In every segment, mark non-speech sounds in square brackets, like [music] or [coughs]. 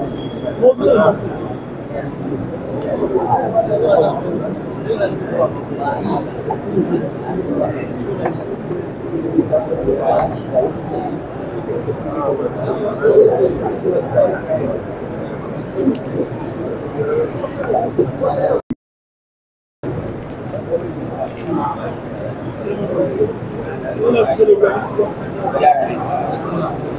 我是。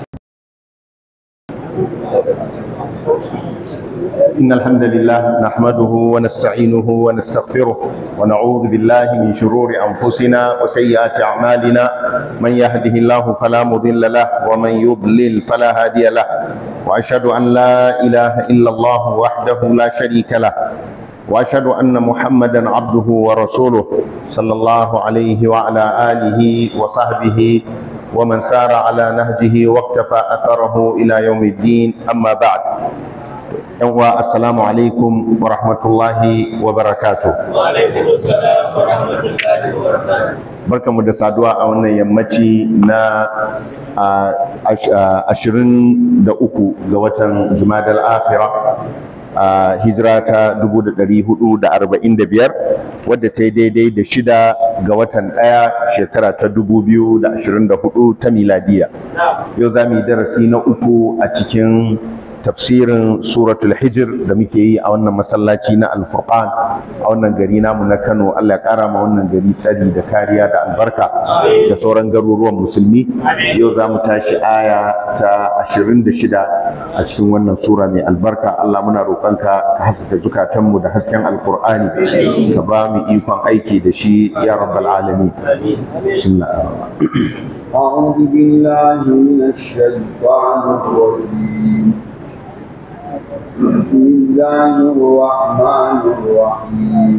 إن الحمد لله نحمده ونستعينه ونستغفره ونعوذ بالله من شرور أنفسنا وسيئات أعمالنا من يهده الله فلا مضل له ومن يضلل فلا هادي له وأشهد أن لا إله إلا الله وحده لا شريك له واشهد ان محمدا عبده ورسوله صلى الله عليه وعلى اله وصحبه ومن سار على نهجه واقتفى أثره إلى يوم الدين أما بعد yanwa assalamu alaikum wa rahmatullahi wa barakatu barkanmu da saduwa a wannan yammaci na ashirin da uku ga watan jumadal akhira a hijira ta 445 wadda ta yi daidai da shida ga watan ɗaya shekara ta 2024 ta miladiya yau za mu yi darasi na uku a cikin tafsirin suratul hijir da muke yi a wannan masallaci na alfurqan a wannan gari namu na kano allah ya kara ma wannan gari tsari da kariya da albarka da sauran garuruwan musulmi yau za mu tashi aya ta da shida a cikin wannan sura mai albarka allah muna roƙonka ka haskaka zukatanmu da hasken alkur'ani ka ba mu ikon aiki da shi ya rabbal alamin أعوذ بالله من الشيطان الرجيم بسم الله الرحمن الرحيم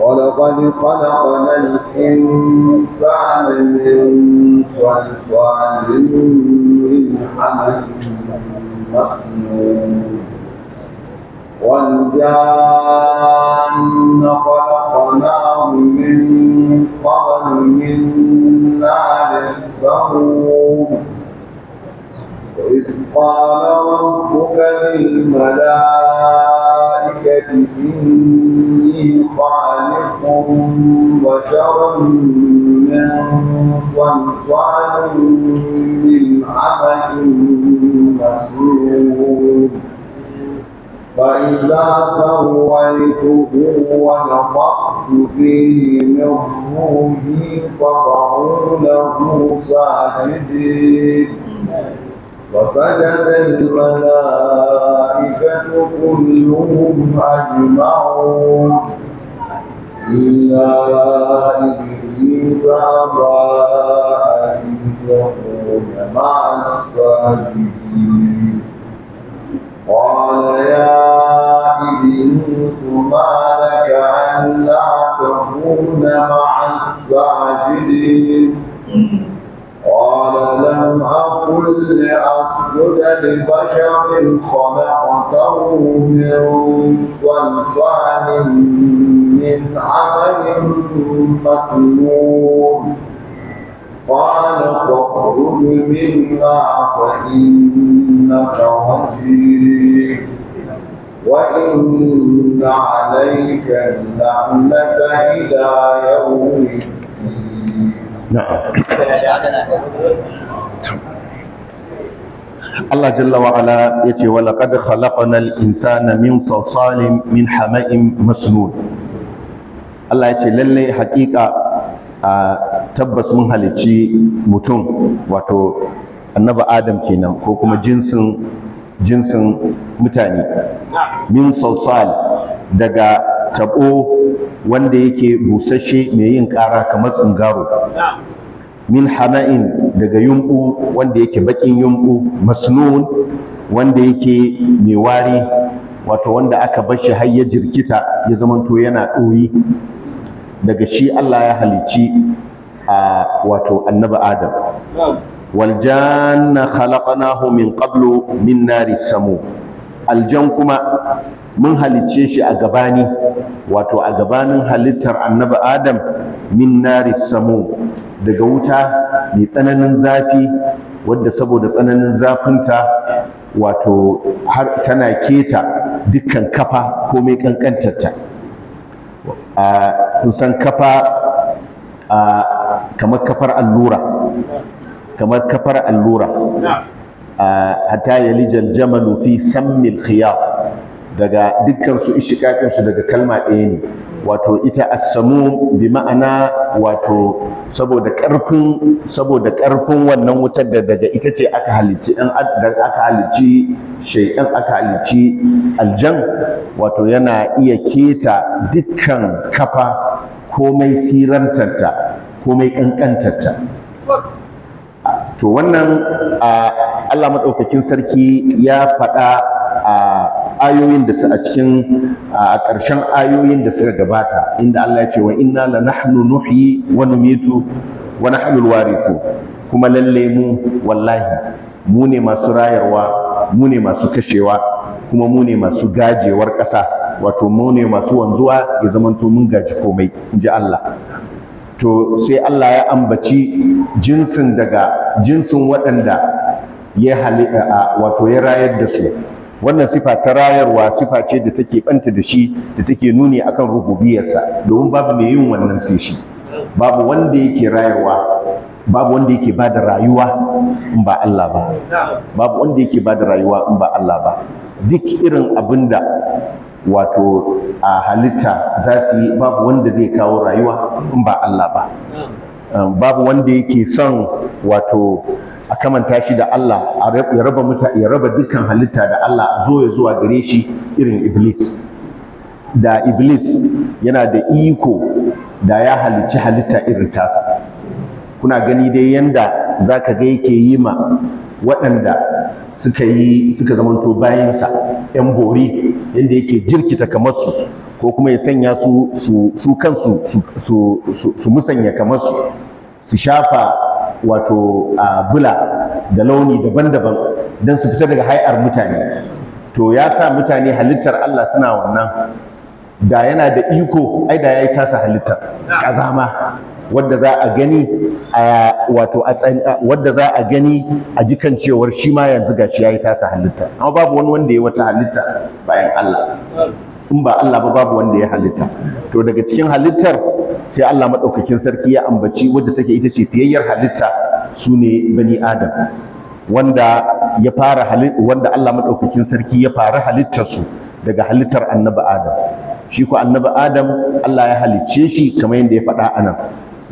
ولقد خلقنا الإنسان من صلصال من حمل مسنون والجان خلقناه من قبل من نار السموم وإذ قال ربك للملائكة إني خالق بشرا من صلصال من عمل مسنون فإذا سويته ونفخت فيه من روحي فقعوا له ساجدين وسجد الملائكة كلهم أجمعون إلا إبليس أبى أن يكون مع الساجدين قال يا إبليس ما لك ألا تكون مع الساجدين قال لم أقل لأسجد لبشر خلقته من صلصال من عمل مسنون قال فاخرج منها فإنك رجيم وإن عليك اللعنة إلى يوم الدين na'am Allah jalla wa ala yace wa laqad khalaqnal insana min salsalin min hama'in masnun Allah yace lalle haƙiƙa a tabbas mun halicci mutum wato annabi Adam kenan ko kuma jinsin jinsin mutane min salsal daga tabo wanda yake busasshe mai yin ƙara kamar tsingaro min hama'in daga yumɓu wanda yake baƙin yumɓu masnun wanda yake mai wari wato wanda aka bar shi har ya jirkita ya zamanto yana ɗoyi daga shi Allah ya halici a wato annabi Adam wal janna khalaqnahu min qablu min nari samu aljan kuma mun halicce shi a gabani wato a gabanin halittar annabi adam min nari samu daga wuta mai tsananin zafi wadda saboda tsananin zafinta wato har tana keta dukkan kafa komai kankantarta kun san kafa kamar kafar allura kamar kafar allura hatta yalijal jamalu fi sammil khiyat daga dukkansu ishikakinsu daga kalma ɗaya ne wato ita samu bi ma'ana wato saboda ƙarfin saboda ƙarfin wannan wutar da daga ita ce aka halicci ɗan aka halicci aka halicci aljan wato yana iya keta dukkan kafa komai sirantarta komai ƙanƙantarta to wannan Allah maɗaukakin sarki ya faɗa a ayoyin da su a cikin a ƙarshen ayoyin da suka gabata inda Allah ya ce wa inna la nahnu nuhyi wa numitu wa nahnu alwarithu kuma lalle mu wallahi mu ne masu rayarwa mu ne masu kashewa kuma mu ne masu gajewar ƙasa wato mu ne masu wanzuwa ya zamanto mun gaji komai inji Allah to sai Allah ya ambaci jinsin daga jinsin waɗanda ya wato ya rayar da su wannan sifa ta rayarwa sifa ce da take banta da shi da take nuni akan rububiyarsa domin babu mai yin wannan sai shi babu wanda yake rayarwa babu wanda yake bada rayuwa in ba Allah ba babu wanda yake bada rayuwa in ba Allah ba duk irin abinda wato a halitta za su yi babu wanda zai kawo rayuwa in ba Allah ba babu wanda yake son wato a kamanta shi da Allah ya raba muta ya raba dukkan halitta da Allah zo ya zuwa gare shi irin iblis da iblis yana da iko da ya halicci halitta irin tasa kuna gani dai yanda zaka ga yake yi ma waɗanda suka yi suka zamanto bayansa yan bori yanda yake jirkita kamar su ko kuma ya sanya su su kansu su musanya kamar su su shafa wato bula da launi daban-daban don su fita daga hai'ar mutane to ya sa mutane halittar Allah suna wannan da yana da iko ai da ya yi tasa halittar ƙazama wadda za a gani a wato wadda za a gani a jikan cewar shi ma yanzu gashi ya yi tasa halitta amma babu wani wanda ya wata halitta bayan Allah in ba Allah ba babu wanda ya halitta to daga cikin halittar sai Allah maɗaukakin sarki ya ambaci wadda take ita ce fiyayyar halitta su ne bani adam wanda ya fara wanda Allah maɗaukakin sarki ya fara halittarsu daga halittar annabi adam shi ko annabi adam Allah ya halicce shi kamar yadda ya faɗa anan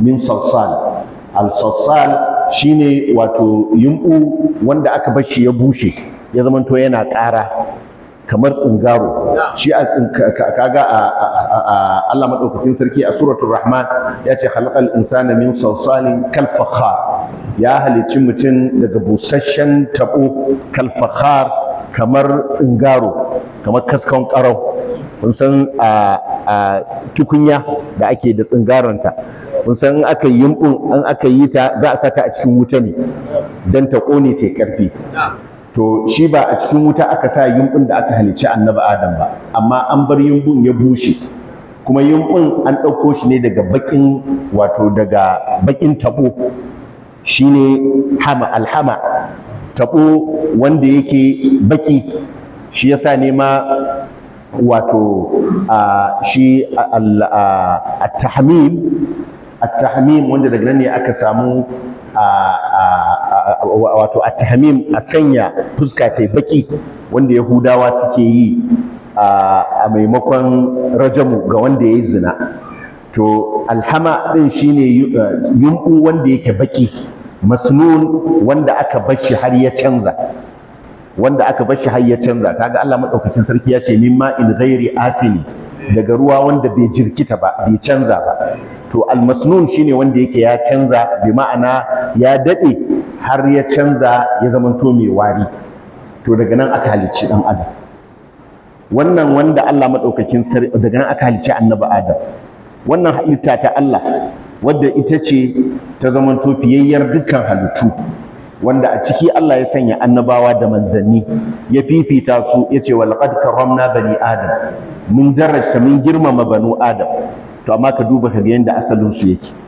min salsal al salsal shine wato yumbu wanda aka bar shi ya bushe ya zamanto yana ƙara kamar tsingaro shi a kaga a Allah madaukakin sarki a suratul rahman ya ce khalaqal insana min sawsalin kal ya halicci mutum daga busasshen tabo kal fakhar kamar tsingaro kamar kaskan karau kun san a tukunya da ake da tsingaranta kun san in aka yi in aka yi ta za a sata a cikin wuta ne dan ta kone ta karfi to shi ba a cikin wuta aka sa yumbun da aka halicci annabi adam ba amma an bar yumbun ya bushe kuma yumbun an ɗauko shi ne daga bakin wato daga bakin tabo shine hama alhama tabo wanda yake baki shi yasa ne ma wato shi at-tahmim at-tahmim wanda daga nan ne aka samu wato a tahmim a sanya fuska ta baki wanda yahudawa suke yi a maimakon rajamu ga wanda ya yi zina to alhama din shine yumbu uh, wanda yake baki masnun wanda aka bashi har ya canza wanda aka bashi har ya canza kaga Allah madaukakin sarki ya ce mimma in ghairi asini daga ruwa wanda bai jirkita ba bai canza ba to almasnun shine wanda yake ya canza bi ma'ana ya dade har ya canza ya zamanto mai wari to daga nan aka halicci dan adam wannan wanda Allah madaukakin sarki daga nan aka halicci annabi adam wannan halitta ta Allah wadda ita ce ta zamanto fiyayyar dukkan halittu wanda a ciki Allah ya sanya annabawa da manzanni ya fifita su ya ce walaqad karamna bani adam mun darajta mun girmama banu adam to amma ka duba ka ga yanda asalin su yake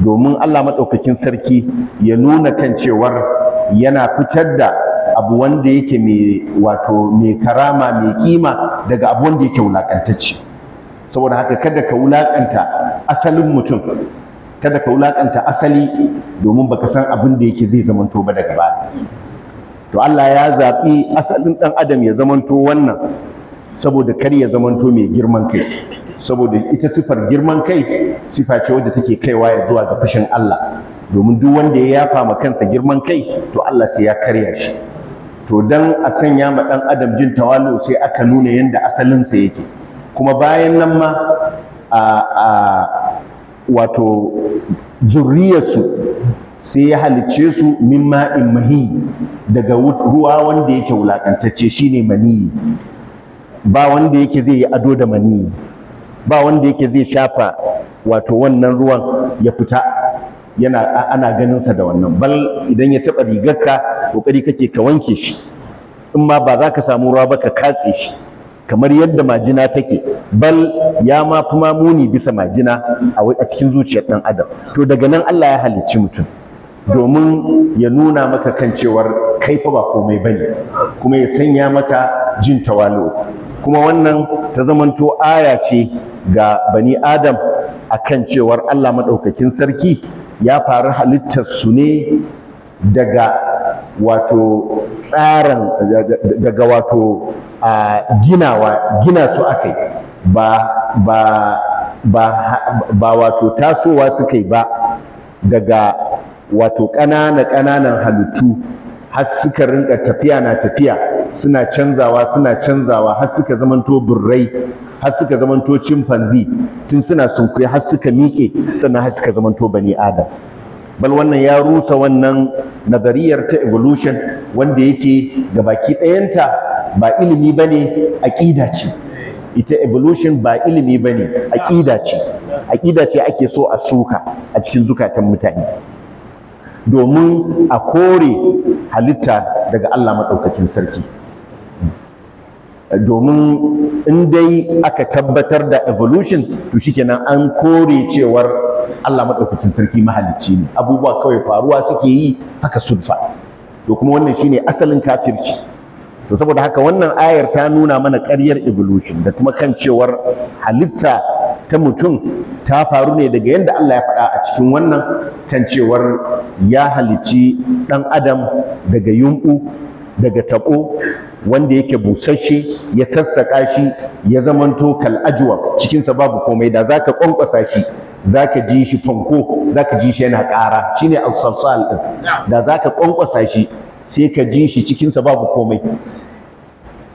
domin Allah maɗaukakin sarki ya nuna kan cewar yana fitar da abu wanda yake mai wato mai karama mai kima daga abu wanda yake wulakantacce saboda haka kada ka wulaƙanta asalin mutum kada ka wulaƙanta asali domin baka san abin da yake zai zamanto ba daga baya to Allah ya zaɓi asalin ɗan adam ya zamanto wannan saboda kar ya zamanto mai girman kai saboda ita siffar girman kai siffa ce wadda take kaiwa ya zuwa ga fushin Allah domin duk wanda ya yafa ma kansa girman kai to Allah sai ya karya shi to dan a sanya ma dan adam jin tawalo sai aka nuna yanda sa yake kuma bayan nan ma a a wato zurriyarsu sai ya halicce su min ma'in daga ruwa wanda yake wulakantacce shine maniyi ba wanda yake zai yi ado da maniyi ba wanda yake zai shafa wato wannan ruwan ya fita yana ana ganin sa da wannan bal idan ya taba rigarka kokari kake ka wanke shi in ma ba za ka samu ruwa ba ka katse shi kamar yadda majina take bal ya ma fi mamuni bisa majina a cikin zuciyar ɗan adam to daga nan Allah ya halicci mutum domin ya nuna maka kan cewar kai fa ba komai bane kuma ya sanya maka jin tawalo kuma wannan ta zamanto aya ce ga bani adam a kan cewar Allah maɗaukakin sarki ya faru halittar su ne daga wato tsarin daga wato a ginawa gina su akai ba ba ba ba wato tasowa suka yi ba daga wato ƙanana ƙananan halittu har suka rinka tafiya na tafiya suna canzawa suna canzawa har suka zamanto burrai har suka zamanto chimpanzee tun suna sunkuya har suka miƙe sannan har suka zamanto bani adam bal wannan ya rusa wannan nazariyar ta evolution wanda yake gabaki ɗayanta ba ilimi bane aqida ce ita evolution ba ilimi bane aƙida ce aƙida ce ake so a suka a cikin zukatan mutane domin a kore halitta daga Allah maɗaukakin sarki domin in dai aka tabbatar da evolution to shikenan an kore cewar Allah maɗaukakin sarki mahalicci ne abubuwa kawai faruwa suke yi haka sulfa to kuma wannan shine asalin kafirci to saboda haka wannan ayar ta nuna mana ƙaryar evolution da kuma kan cewar halitta ta mutum ta faru ne daga yadda Allah ya faɗa a cikin wannan kan cewar ya halici ɗan adam daga yunɓu daga taɓo wanda yake busasshe ya sassaƙa shi ya zamanto kal'ajuwa cikinsa babu komai da za ka ƙwanƙwasa shi za ka ji shi fanko za ka ji shi yana ƙara shi ne alsalsal ɗin da za ka ƙwanƙwasa shi sai ka ji shi cikinsa babu komai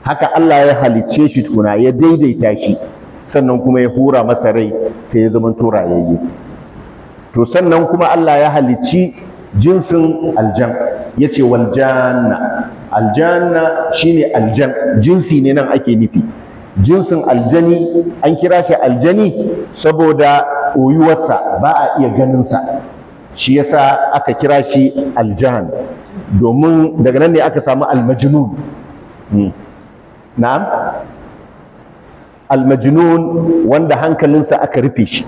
haka Allah ya halicce shi tuna ya daidaita shi sannan kuma ya hura masa rai sai ya zama turayayye to sannan kuma Allah ya halicci jinsin aljan ya ce waljanna aljanna shine aljan jinsi ne nan ake nufi jinsin aljani an kira shi aljani saboda oyuwarsa ba a iya ganinsa shi yasa aka kira shi aljan domin daga nan ne aka samu almajnun hmm. na'am almajinun wanda hankalinsa aka rufe shi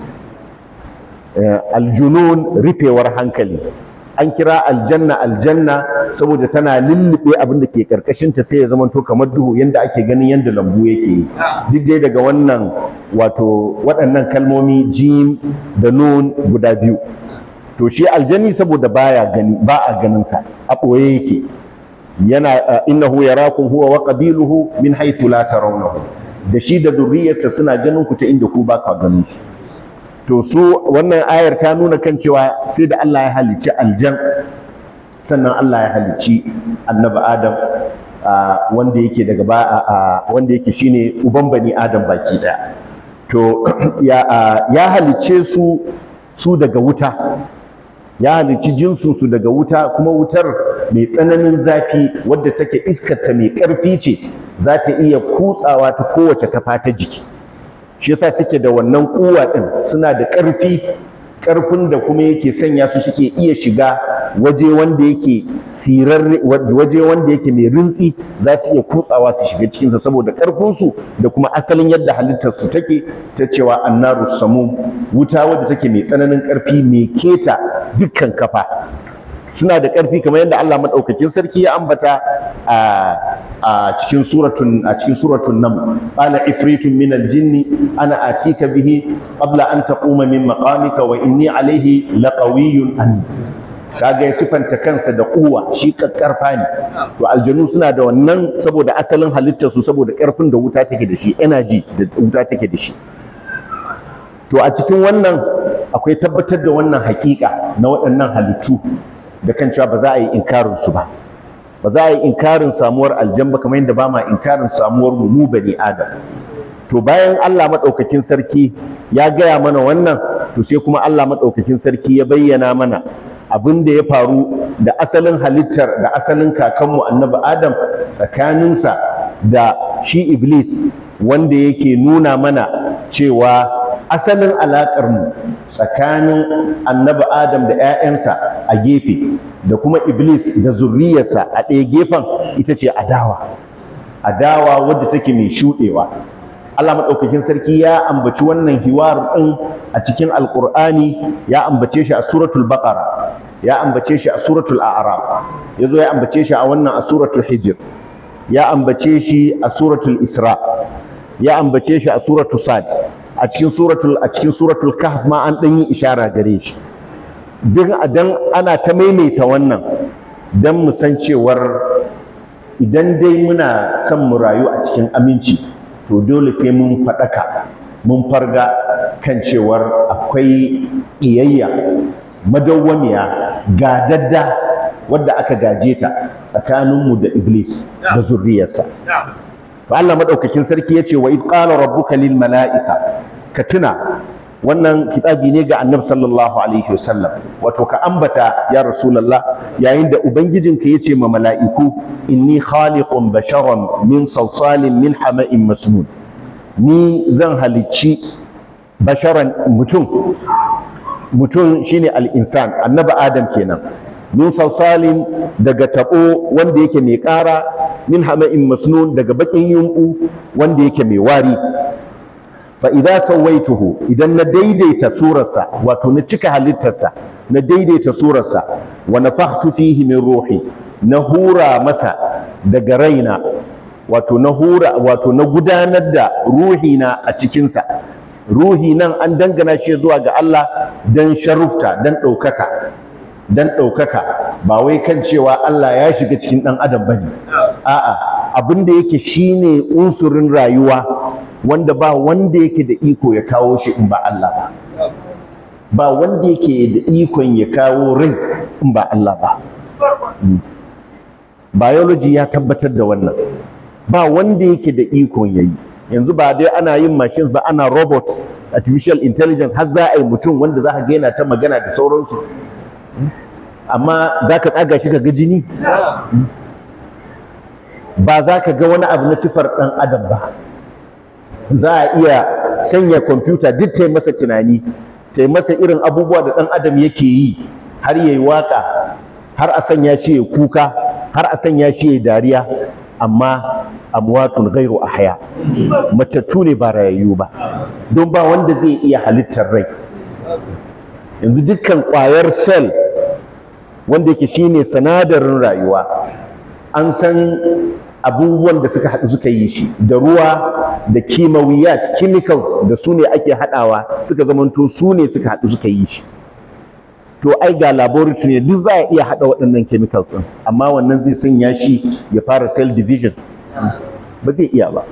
eh, aljunun rufewar hankali an kira aljanna aljanna saboda tana lulluɓe abin da ke ƙarƙashinta, sai ya zamanto kamar duhu yanda ake ganin yanda lambu yake yi duk dai daga wannan wato waɗannan kalmomi jim da nun guda biyu to shi aljani saboda baya gani ba a ganin sa a ɓoye yake yana eh, innahu yarakum huwa wa qabiluhu min haythu la tarawnahu da shi da zurriyarsa suna ganin ku ta inda ku ba ka ganin su to su wannan ayar ta nuna kan cewa sai da Allah ya halicci aljan sannan Allah ya halicci annabi Adam wanda yake daga ba wanda yake shine uban bani Adam baki daya to [clears throat] ya ya halicce su su daga wuta ya halicci jinsu su daga wuta kuma wutar mai tsananin zafi wadda take iskar ta mai karfi ce za ta iya kutsawa ta kowace kafa ta jiki shi yasa suke da wannan kuwa din suna da ƙarfi ƙarfin da kuma yake sanya su suke iya shiga waje wanda yake sirarre waje wanda yake mai rintsi za su iya kutsawa su shiga cikinsa saboda ƙarfinsu da kuma asalin yadda halittarsu take ta cewa annaru samum wuta wadda take mai tsananin ƙarfi mai keta dukkan kafa suna da ƙarfi kamar yadda Allah maɗaukakin sarki ya ambata a cikin suratun a cikin suratun nam qala ifritun min aljinni ana atika bihi qabla an taquma min maqamika wa inni alayhi laqawiyyun an kaga sifanta kansa da kuwa shi kakkarfa ne to aljanu suna da wannan saboda asalin halittar su saboda karfin da wuta take da shi energy da wuta take da shi to a cikin wannan akwai tabbatar da wannan hakika na waɗannan halittu da kan cewa ba za a yi inkarin su ba ba za a yi inkarin samuwar ba kamar yadda ba ma inkarin samuwar mu mu bani adam to bayan Allah madaukakin sarki ya gaya mana wannan to sai kuma Allah madaukakin sarki ya bayyana mana abin da ya faru da asalin halittar da asalin kakanmu annabi adam tsakaninsa da shi iblis wanda yake nuna mana cewa asalin alaƙarmu tsakanin annabi adam da 'ya'yansa a gefe da kuma iblis da zurriyarsa a ɗaya gefen ita ce adawa adawa wadda take mai shuɗewa Allah maɗaukakin sarki ya ambaci wannan hiwar ɗin a cikin alƙur'ani ya ambace shi a suratul baqara ya ambace shi a suratul a'raf ya zo ya ambace shi a wannan a suratul hijir ya ambace shi a suratul isra ya ambace shi a suratul sad a cikin suratul a cikin suratul kahf ma an dan yi ishara gare shi duk dan ana ta maimaita wannan dan mu san cewar idan dai muna son mu rayu a cikin aminci to dole sai mun faɗaka mun farga kan cewar akwai iyayya madawwamiya gadadda wadda aka gaje ta tsakaninmu da iblis da zurriyarsa ba Allah madaukakin sarki yace wa idh rabbuka lil malaika ka tuna wannan kitabi ne ga annabi sallallahu alaihi wasallam wato ka ambata ya rasulullah yayin da ubangijinka yace ma mala'iku inni khaliqun basharan min salsalin min hama'in masnun ni zan halicci basharan mutum mutum shine al-insan annabi adam kenan min salsalin daga tabo wanda yake mai ƙara min hama'in masnun daga bakin yunku wanda yake mai wari fa idza sawaituhu idan na daidaita surarsa wato na cika halittarsa na daidaita surarsa wa nafakhtu fihi min ruhi na hura masa daga raina wato na wato na gudanar da ruhina a cikinsa ruhi nan an dangana shi zuwa ga Allah dan sharufta dan ɗaukaka dan ɗaukaka ba wai kan cewa Allah ya shiga cikin ɗan adam ba ne a'a abin da yake shine unsurin rayuwa wanda ba wanda yake da iko ya kawo shi in ba Allah ba ba wanda yake da ikon ya kawo rai in ba Allah ba hmm. biology ya tabbatar da wannan ba wanda yake da ikon yayi yanzu ba dai ana yin machines ba ana robots artificial intelligence har za a yi mutum wanda za ka gaina ta magana da sauransu amma za ka tsaga shi ka ga jini ba za ka ga wani abu na sifar ɗan adam ba za a iya sanya kwamfuta duk ta masa tunani ta masa irin abubuwa da ɗan adam yake yi har ya yi waƙa har a sanya shi ya kuka har a sanya shi ya dariya amma amwatun gairu ahya matattu ne ba rayayyu ba don ba wanda zai iya halittar rai yanzu dukkan ƙwayar sel wanda yake shine sanadarin rayuwa an san abubuwan da suka haɗu suka yi shi da ruwa da kimawiyat chemicals da su ne ake haɗawa suka zamanto su ne suka haɗu suka yi shi to ai ga laboratory ne duk za a iya haɗa waɗannan chemicals ɗin amma wannan zai sanya shi ya fara cell division ba zai iya ba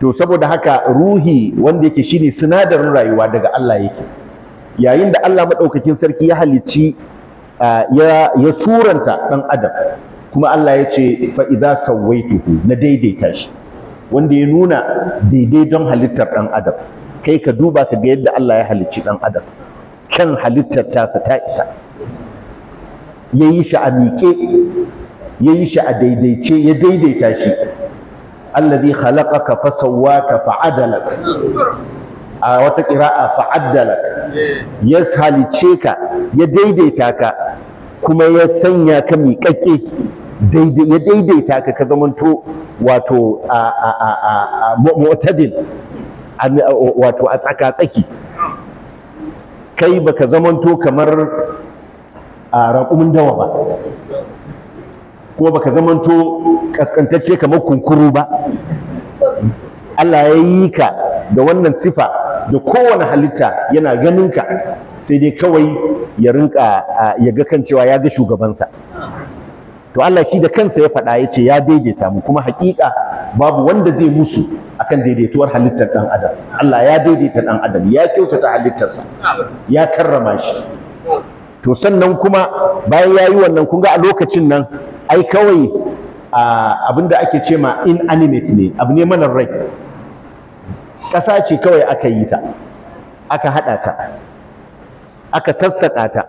to saboda haka ruhi wanda yake shine sinadarin rayuwa daga Allah yake yayin da Allah maɗaukakin sarki ya halicci ya suranta ɗan adam kuma Allah ya ce fa'iza sawaituhu na daidaita shi wanda ya nuna daidai don halittar ɗan adam kai ka duba ka ga yadda Allah ya halicci ɗan adam kyan halittar tasa ta isa ya yi shi a miƙe ya yi shi a daidaice ya daidaita shi allazi khalaqaka fa sawwaka fa adalak a wata ƙira'a fa adalak ya halice ka ya daidaita ka kuma ya sanya ka miƙaƙe, ya daidaita ka ka zamanto wato a motadin wato a tsaka-tsaki kai ba baka zamanto kamar a raƙumin dawa ba ko baka zamanto ƙasƙantacce kamar kunkuru ba Allah ya yi ka da wannan sifa da kowane halitta yana ganin ka sai dai kawai ya rinka ya ga kan cewa ya ga shugabansa to Allah shi da kansa ya faɗa ya ce ya daidaita mu kuma haƙiƙa babu wanda zai musu akan daidaituwar halittar ɗan adam Allah ya daidaita ɗan adam ya kyautata halittarsa ya karrama shi to sannan kuma bayan ya yi wannan kun ga a lokacin nan ai kawai da ake ce ma inanimate ne abu ne manar rai ƙasa ce kawai aka yi ta aka haɗa ta aka sassaƙa ta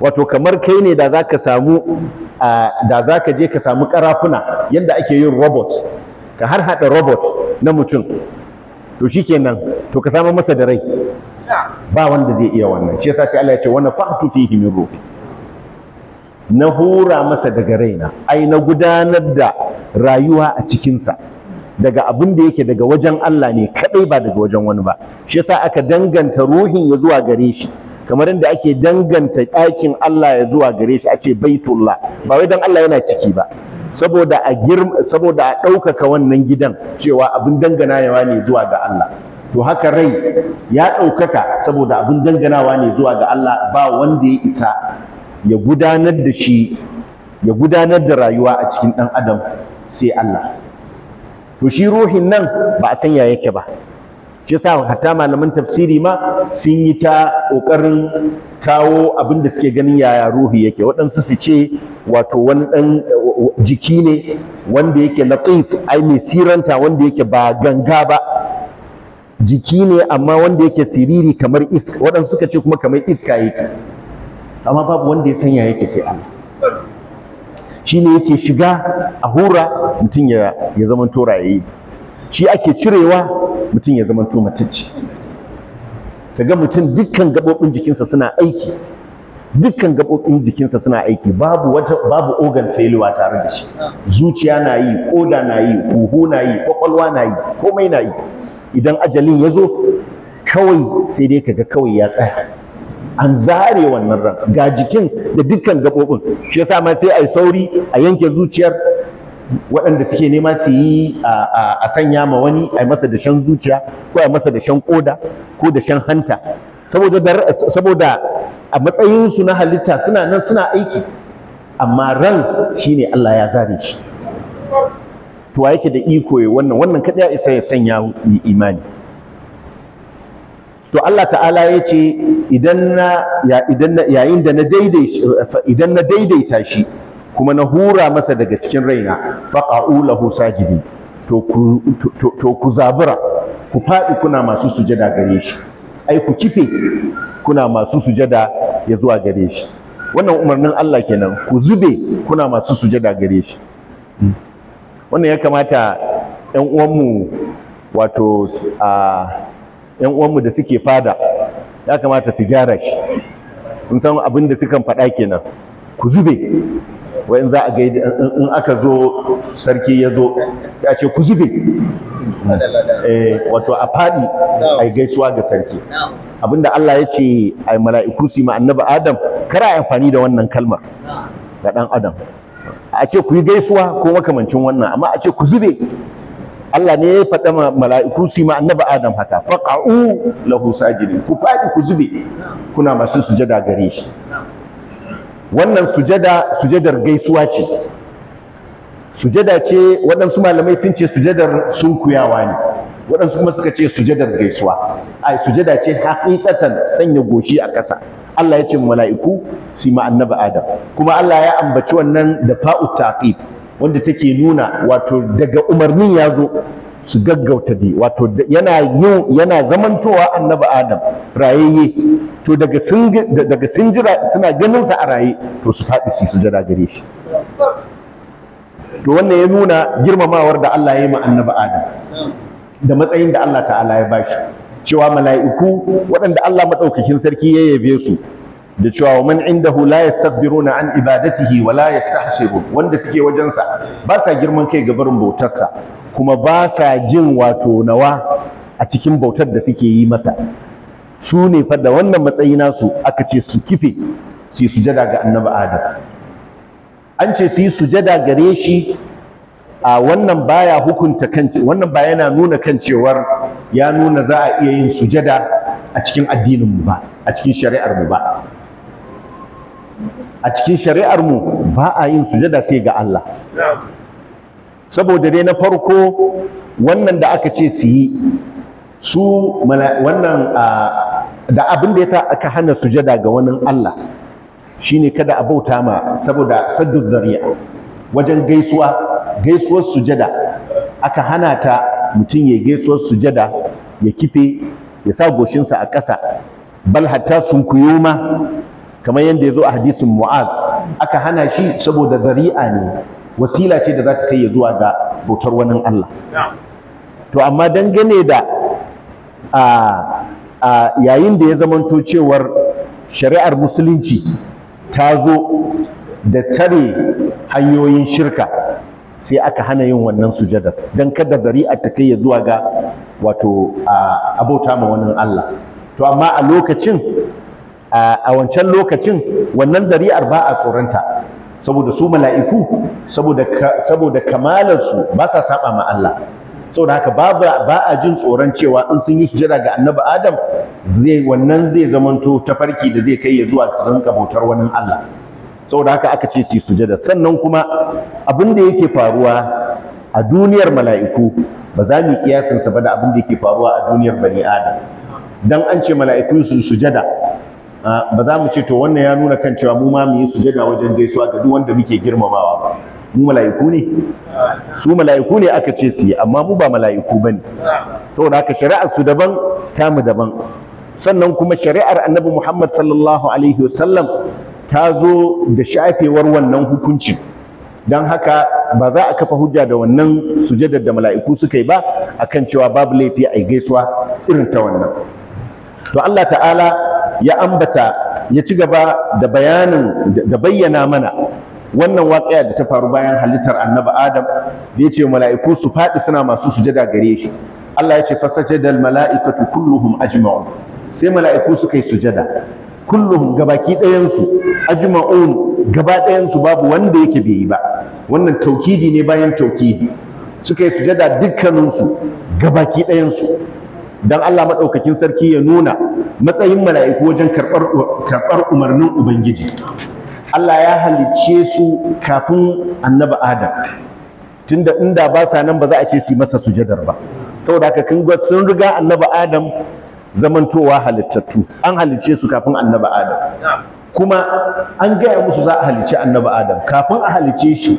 wato kamar kai ne da zaka ka samu da zaka je ka samu karafuna yadda ake yin robot ka har haɗa robot na mutum to shikenan to ka samu masa da rai ba wanda zai iya wannan shi yasa sai Allah ya ce wannan fa'tu fihi min ruhi na hura masa daga raina ai na gudanar da rayuwa a cikinsa daga abin da yake daga wajen Allah ne kadai ba daga wajen wani ba shi yasa aka danganta ruhin ya zuwa gare shi kamar yadda ake danganta ɗakin Allah ya zuwa gare shi a ce baitullah ba wai dan Allah yana ciki ba saboda a girma saboda a ɗaukaka wannan gidan cewa abin danganawa ne zuwa ga Allah to haka rai ya ɗaukaka saboda abin danganawa ne zuwa ga Allah ba wanda ya isa ya gudanar da shi ya gudanar da rayuwa a cikin ɗan adam sai Allah to shi ruhin nan ba a sanya yake ba shi yasa hatta malaman tafsiri ma sun yi ta ƙoƙarin kawo abin da suke ganin yaya ruhi yake waɗansu su ce wato wani ɗan jiki ne wanda yake latif ai mai siranta wanda yake ba ganga ba jiki ne amma wanda yake siriri kamar iska waɗansu suka ce kuma kamar iska yake amma babu wanda ya sanya yake sai Allah Shi ne yake shiga a hura mutum ya ya zama to rayayi shi ake cirewa mutum ya zama to matacce kaga mutum dukkan gabobin jikinsa suna aiki dukkan gabobin jikinsa suna aiki babu ogan babu organ failure tare da shi zuciya na yi koda na yi huhu na yi kwakwalwa na yi komai na yi idan ajalin ya zo kawai sai dai kaga kawai ya tsaya an zare wannan ran ga jikin da dukkan gaɓoɓin shi yasa ma sai a yi sauri a yanke zuciyar waɗanda suke nema su yi a sanya ma wani a masa da shan zuciya ko a masa da shan koda ko da shan hanta saboda a matsayinsu na halitta suna nan suna aiki amma ran shine Allah ya zare shi to yake da iko ya wannan wannan kada ya isa ya sanya imani to Allah ta'ala ya ce idan na yayin da idan na daidaita shi kuma na hura masa daga cikin raina faqa'u lahu sajidi to ku ku zabura ku faɗi kuna masu sujada gare shi ai ku kife kuna masu sujada ya zuwa gare shi wannan umarnin Allah kenan ku zube kuna masu sujada gare shi hmm. wannan ya kamata ƴan uwanmu wato a ƴan uwanmu da suke fada ya kamata su gyara shi in san abin da sukan faɗa kenan ku zube wai za a gaida in aka zo sarki ya zo ya ce ku zube eh, wato a faɗi a gaisuwa ga sarki abinda Allah ya ce a mala'iku su ma annabi Adam kar a amfani da wannan kalmar ga ɗan Adam a ce ku yi gaisuwa ko makamancin wannan amma a ce ku zube Allah ne ya faɗa mala'iku su ma annabi Adam haka faqa'u lahu sajidin ku faɗi ku zube kuna masu sujada gare shi wannan sujada sujadar gaisuwa ce sujada ce waɗansu malamai sun ce sujadar sunkuyawa ne waɗansu kuma suka ce sujadar gaisuwa ai sujada ce haƙiƙatan sanya goshi a ƙasa Allah ya ce mala'iku su ma annabi Adam kuma Allah ya ambaci wannan da fa'u taqib wanda take nuna wato daga umarnin ya zo su gaggauta bi wato yana yin yana zamantowa annabi adam rayayye to daga sun daga sun jira suna ganin sa a raye to su faɗi su jira gare shi to wannan ya nuna girmamawar da Allah ya yi ma annabi adam da matsayin da Allah ta'ala ya bashi cewa mala'iku waɗanda Allah maɗaukakin sarki ya yabe su da cewa man indahu la yastakbiruna an ibadatihi wa la yastahsirun wanda suke wajensa ba sa girman kai ga barin bautarsa kuma ba sa jin wato nawa a cikin bautar da suke yi masa su ne fa da wannan matsayi nasu aka ce su kife su yi sujada ga annabi adam an ce su yi sujada gare shi a wannan baya hukunta kan wannan ba yana nuna kan cewar ya nuna za a iya yin sujada a cikin addinin mu ba a cikin shari'ar mu ba a cikin shari'ar mu ba a yin sujada sai ga Allah saboda dai na farko wannan da aka ce su yi su wannan da abin da yasa aka hana sujada ga wani Allah shine kada a bauta ma saboda saddu zari'a wajen gaisuwa gaisuwar sujada aka hana ta mutum ya gaisuwar sujada ya kife ya sa goshinsa a ƙasa bal hatta sunkuyo ma kamar yadda ya zo a hadisin mu'az aka hana shi saboda zari'a ne wasila ce da za ta kai ya zuwa ga bautar wani Allah to amma dangane da a yayin da ya zamanto cewar shari'ar musulunci ta zo da tare hanyoyin shirka sai aka hana yin wannan sujadar don kada zari'a ta kai ya zuwa ga wato abauta ma wani Allah to amma a lokacin a wancan lokacin wannan zari'ar ba a tsoronta saboda su mala'iku saboda kamalarsu ba sa saba ma Allah saboda haka ba a jin tsoron cewa in sun yi sujada ga annabi adam wannan zai zamanto tafarki da zai kai ya zuwa ranka kabautar wani Allah saboda haka aka ce su sujada sannan kuma abin da yake faruwa a duniyar mala'iku ba za mu yi kiyasinsa ba da abin da yake faruwa a duniyar bani adam dan an ce mala'iku su sujada ba za mu ce to wannan ya nuna kan cewa mu ma mu yi sujada wajen gaisuwa ga duk wanda muke girmamawa ba mu mala'iku ne su mala'iku ne aka ce su yi amma mu ba mala'iku ba ne saboda haka shari'ar su daban mu daban sannan kuma shari'ar annabi muhammad sallallahu alaihi wasallam ta zo da shafewar wannan hukunci, don haka ba za a kafa hujja da wannan sujadar da mala'iku suka yi ba akan cewa babu laifi a gaisuwa irin ta wannan to allah ta'ala ya ambata ya ci gaba da bayanin da bayyana mana wannan waƙiya da ta faru bayan halittar annabi adam da ya ce mala'iku su faɗi suna masu sujada gare shi Allah ya ce fasaje da mala'ikatu kulluhum ajma'un sai mala'iku suka yi sujada kulluhum gabaki ɗayansu ajma'un gaba ɗayansu babu wanda yake bai yi ba wannan taukidi ne bayan taukidi suka yi sujada dukkaninsu gabaki ɗayansu don Allah maɗaukakin sarki ya nuna matsayin mala'iku wajen karɓar umarnin Ubangiji. Allah ya halicce su kafin annaba Adam, tunda inda ba sa nan ba za a ce su masa sujadar ba. Saboda haka kin ga sun riga annaba Adam zamantowa halittattu, an halicce su kafin annaba Adam. Kuma an gaya musu za a halicci annaba Adam, kafin a halicce shi,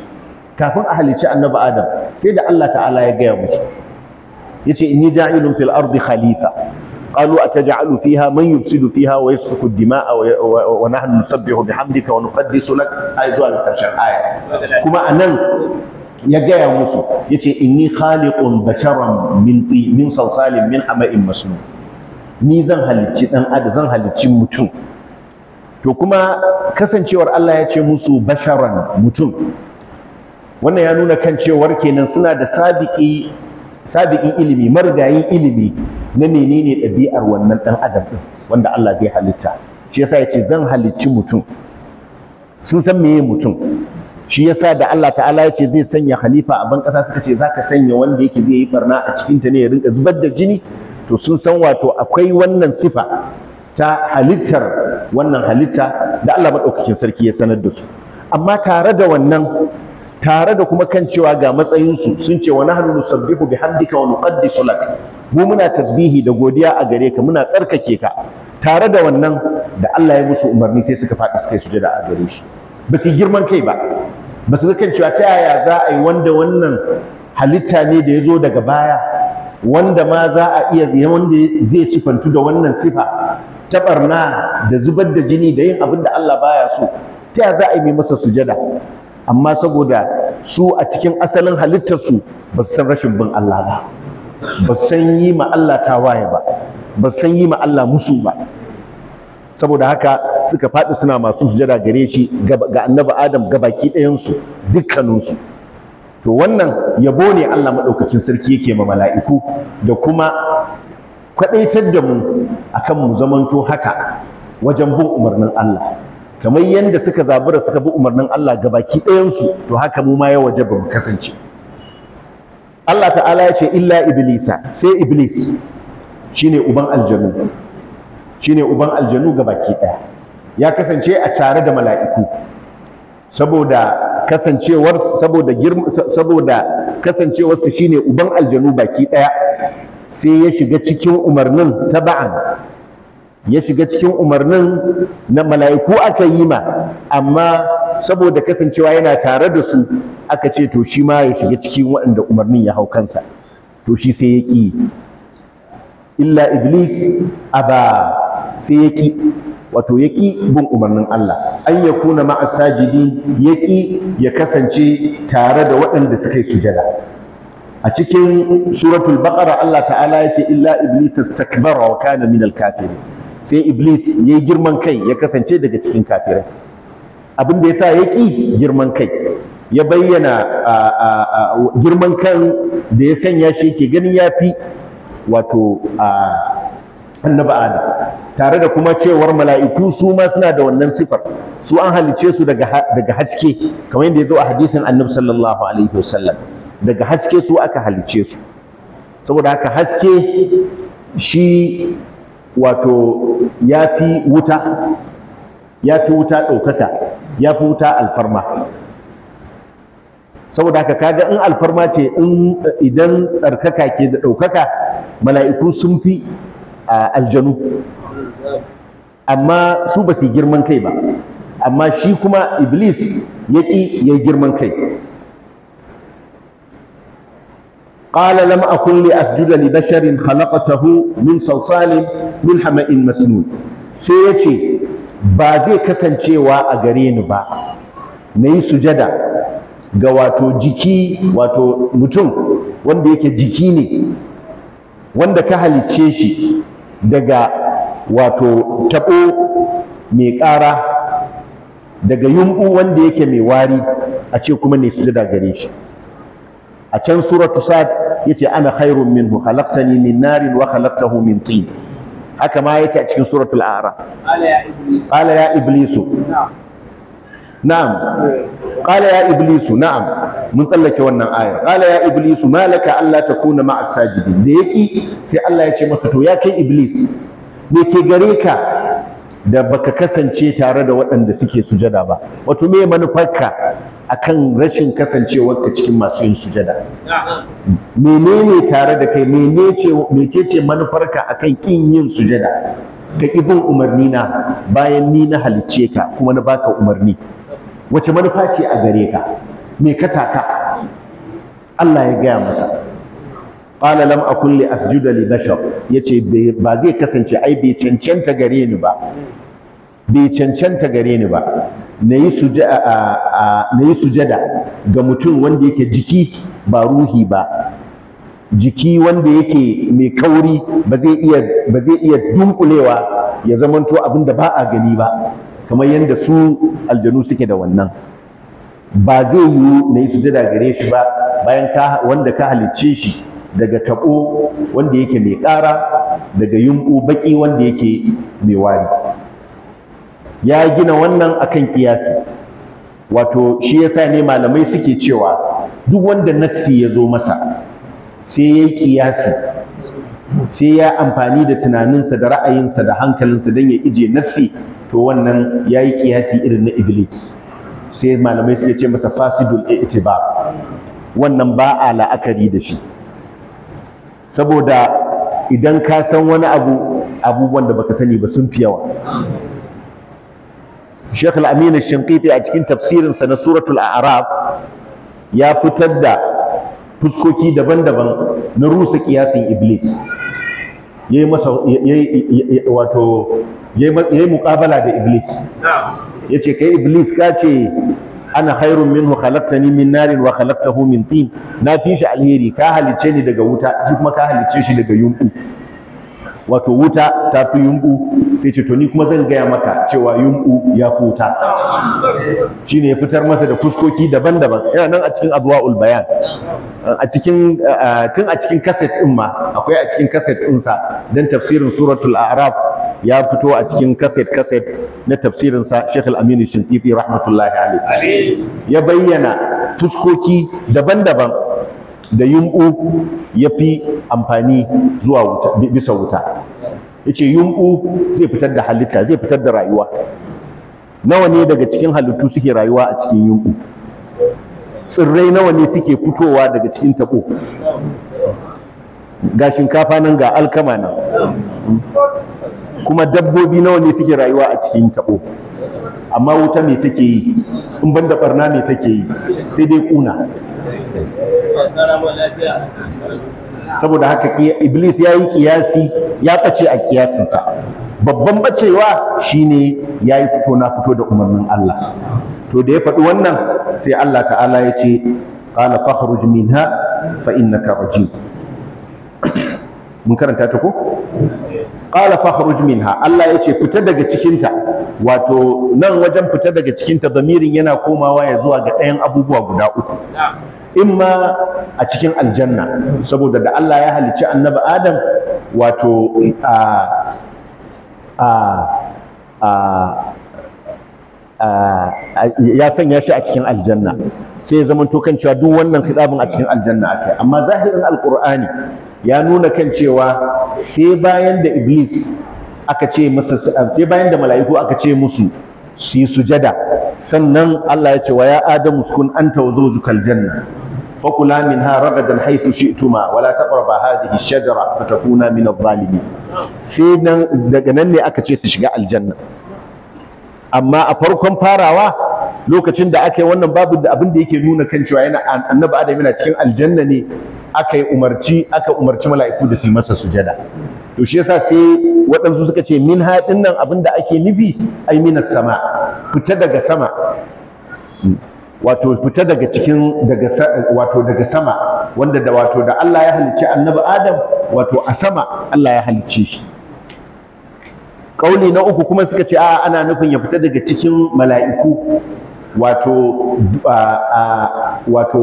kafin a halicci annaba Adam, sai da Allah ta'ala ya gaya musu. yace inni ja'ilun fil ardi khalifa qalu ataj'alu fiha man yufsidu fiha wa yasfiku ad-dima'a wa nahnu nusabbihu bihamdika wa nuqaddisu lak ay zuwa karshen aya kuma anan ya gaya musu yace inni khaliqun basharan min min salsalin min ama'in masnun ni zan halicci dan adam zan halicci mutum to kuma kasancewar Allah ya ce musu basharan mutum wannan ya nuna kan cewar kenan suna da sabiki Sabi'in ilimi marigayin ilimi na menene ɗabi'ar wannan ɗan adam ɗin wanda Allah zai halitta shi yasa ya ce zan halicci mutum sun san meye mutum shi yasa da Allah ta'ala ya ce zai sanya khalifa a ban ƙasa suka ce za ka sanya wanda yake zai yi barna a cikinta ne ya rinka zubar da jini to sun san wato akwai wannan sifa ta halittar wannan halitta da Allah maɗaukakin sarki ya sanar da su amma tare da wannan tare da kuma kan cewa ga matsayinsu sun ce wa nahnu nusabbihu bihamdika wa nuqaddisu lak mu muna tasbihi da godiya a gare ka muna tsarkake ka tare da wannan da Allah ya musu umarni sai suka faɗi suka yi sujada a gare shi ba su girman kai ba ba su ga kan cewa ta yaya za a yi wanda wannan halitta ne da ya zo daga baya wanda ma za a iya wanda zai sifantu da wannan sifa ta barna da zubar da jini da yin abin da Allah baya so ta yaya za a yi masa sujada amma saboda su a cikin asalin halittarsu ba san rashin bin Allah ba ba san yi ma Allah tawaye ba ba san yi ma Allah musu ba saboda haka suka faɗi suna masu sujada gare shi ga annabi Adam ga gabaki ɗayansu dukkaninsu to wannan yabo ne Allah maɗaukakin sarki yake ma mala'iku da kuma kwaɗaitar da mu akan mu zamanto haka wajen bin umarnin Allah kamar yadda suka zabura suka bi umarnin Allah ga baki ɗayansu to haka mu ma ya waje mu kasance Allah ta'ala ya ce illa iblisa sai iblis shine uban aljanu shine uban aljanu baki ɗaya ya kasance a tare da mala'iku saboda kasancewar saboda girma saboda kasancewar su shine uban aljanu baki ɗaya sai ya shiga cikin umarnin taba'an ya shiga cikin umarnin na mala'iku aka yi ma amma saboda kasancewa yana tare da su aka ce to shi ma ya shiga cikin waɗanda umarnin ya hau kansa to shi sai ya ƙi illa iblis aba sai ya ƙi wato ya ƙi bin umarnin Allah an ya kuna ma'a sajidin ya ƙi ya kasance tare da waɗanda suka yi sujada a cikin suratul baqara Allah ta'ala ya ce illa iblis istakbara wa kana minal kafirin sai iblis ya yi girman kai ya kasance daga cikin kafirai abin da ya sa ya ƙi girman kai ya bayyana girman kan da ya sanya shi ke ganin ya fi wato annaba adam tare da kuma cewar mala'iku su ma suna da wannan sifar su an halice su daga haske kamar yadda ya zo a hadisin annabi sallallahu alaihi wasallam daga haske su aka halice su saboda haka haske shi wato ya fi wuta ya fi wuta ɗaukaka ya fi wuta alfarma saboda haka kaga in alfarma ce idan tsarkaka ke da ɗaukaka mala'iku sun fi aljanu amma su ba su girman kai ba amma shi kuma iblis ya ƙi ya girman kai قال لم أكن لأسجد لبشر خلقته من صلصال من حمأ مسنون سيأتي بازي كسن شيوا أغرين با ني سجدا غواتو جيكي واتو متون wanda yake jiki ne wanda ka halicce shi daga wato taɓo mai ƙara daga yumɓu wanda yake mai wari a ce kuma ne sujada gare shi a can suratu sad yace ana khairun minhu khalaqtani min narin wa khalaqtahu min tin haka ma yace a cikin suratul a'raf qala ya Iblis. na'am qala ya na'am mun tsallake wannan ayar qala ya iblisu malaka alla takuna ma'as sajidin da yaki sai Allah ya ce masa to ya kai iblis me ke gare ka da baka kasance tare da waɗanda suke sujada ba wato me manufarka akan rashin kasancewarka cikin masu yin sujada menene tare da kai mecece manufarka akan kin yin sujada ka ibin umarni na bayan ni na halicce ka kuma na baka umarni wace manufa ce a gare ka me ka taka Allah ya gaya masa qala lam akun li asjuda li bashar yace ba zai kasance ai bai cancanta gare ni ba bai cancanta gare ni ba nayi sujada sujada ga mutum wanda yake jiki ba ruhi ba jiki wanda yake mai kauri ba zai iya ba dunkulewa ya zamanto abin da ba a gani ba kamar yadda su aljanu suke da wannan ba zai yiwu na yi sujada gare shi ba bayan wanda ka halicce shi daga taɓo wanda yake mai ƙara daga yumɓu baƙi wanda yake mai wari ya gina wannan akan kiyasi wato shi yasa ne malamai suke cewa duk wanda nassi ya zo masa sai ya yi kiyasi sai ya amfani da tunaninsa da ra'ayinsa da hankalinsa don ya ije nassi to wannan ya yi kiyasi irin na iblis sai malamai suke ce masa fasidul itibar wannan ba a la'akari da shi saboda idan ka san wani abu abubuwan da baka sani ba sun fi yawa Sheikh Al-Amin Shinqiti a cikin tafsirin sa na suratul A'raf ya fitar da fuskoki daban-daban na rusa kiyasin Iblis yayi masa yayi wato yayi muqabala da Iblis yace kai Iblis ka ce ana khairun minhu khalaqtani min narin wa khalaqtahu min tin na fi shi alheri ka halicce ni daga wuta kuma ka halicce shi daga yumbu wato wuta ta fi yumbu sai ce to ni kuma zan gaya maka cewa yumbu ya fi wuta shine ya fitar masa da fuskoki daban-daban yana nan a cikin adwaul bayan a cikin tun a cikin kaset din ma akwai a cikin kaset din sa dan tafsirin suratul a'raf ya fito a cikin kaset kaset na tafsirin sa Sheikh Al-Amin Shinqiti rahmatullahi alaihi ya bayyana fuskoki daban-daban da yumbu ya fi amfani zuwa wuta bisa wuta yace yumbu zai fitar da halitta zai fitar da rayuwa nawa ne daga cikin halittu suke rayuwa a cikin yumbu tsirrai nawa ne suke fitowa daga cikin tabo ga shinkafa nan ga alkama nan kuma dabbobi nawa ne suke rayuwa a cikin taɓo amma wuta me take yi in ban da barna me take yi sai dai kuna saboda haka iblis ya yi kiyasi ya ɓace a kiyasinsa babban ɓacewa shine ya yi fito na fito da umarnin Allah to da ya faɗi wannan sai Allah ta'ala ya ce qala fakhruj minha fa innaka rajim [coughs] mun karanta ta ko qala fakhruj minha Allah ya ce fita daga cikinta wato nan wajen fita daga cikinta zamirin yana komawa ya zuwa ga ɗayan abubuwa guda uku imma a cikin aljanna saboda da Allah ya halicci annabi Adam wato a a a ya sanya shi a cikin aljanna sai ya zama to duk wannan kitabin a cikin aljanna akai amma zahirin Alkur'ani. ya nuna kan cewa sai bayan da iblis aka ce masa eh, sai bayan da mala'iku aka ce musu su yi sujada sannan Allah ya ce wa ya adamu sukun anta wa zawjukal janna fakula minha ragadan haythu shi'tuma wala taqrabu hadhihi shajara fatakuna min adh-dhalimin sai nan daga nan ne aka ce su shiga aljanna amma a farkon farawa lokacin da aka yi wannan babu da abin da yake nuna kan cewa yana annabi adam yana cikin aljanna ne aka yi umarci aka umarci mala'iku da su masa sujada to shi yasa sai waɗansu suka ce min haɗin nan abin da ake nufi ai minas sama fita daga sama wato fita daga cikin daga wato daga sama wanda da wato da Allah ya halicci annabi Adam wato a sama Allah ya halicce shi kauli na uku kuma suka ce a ana nufin ya fita daga cikin mala'iku wato wato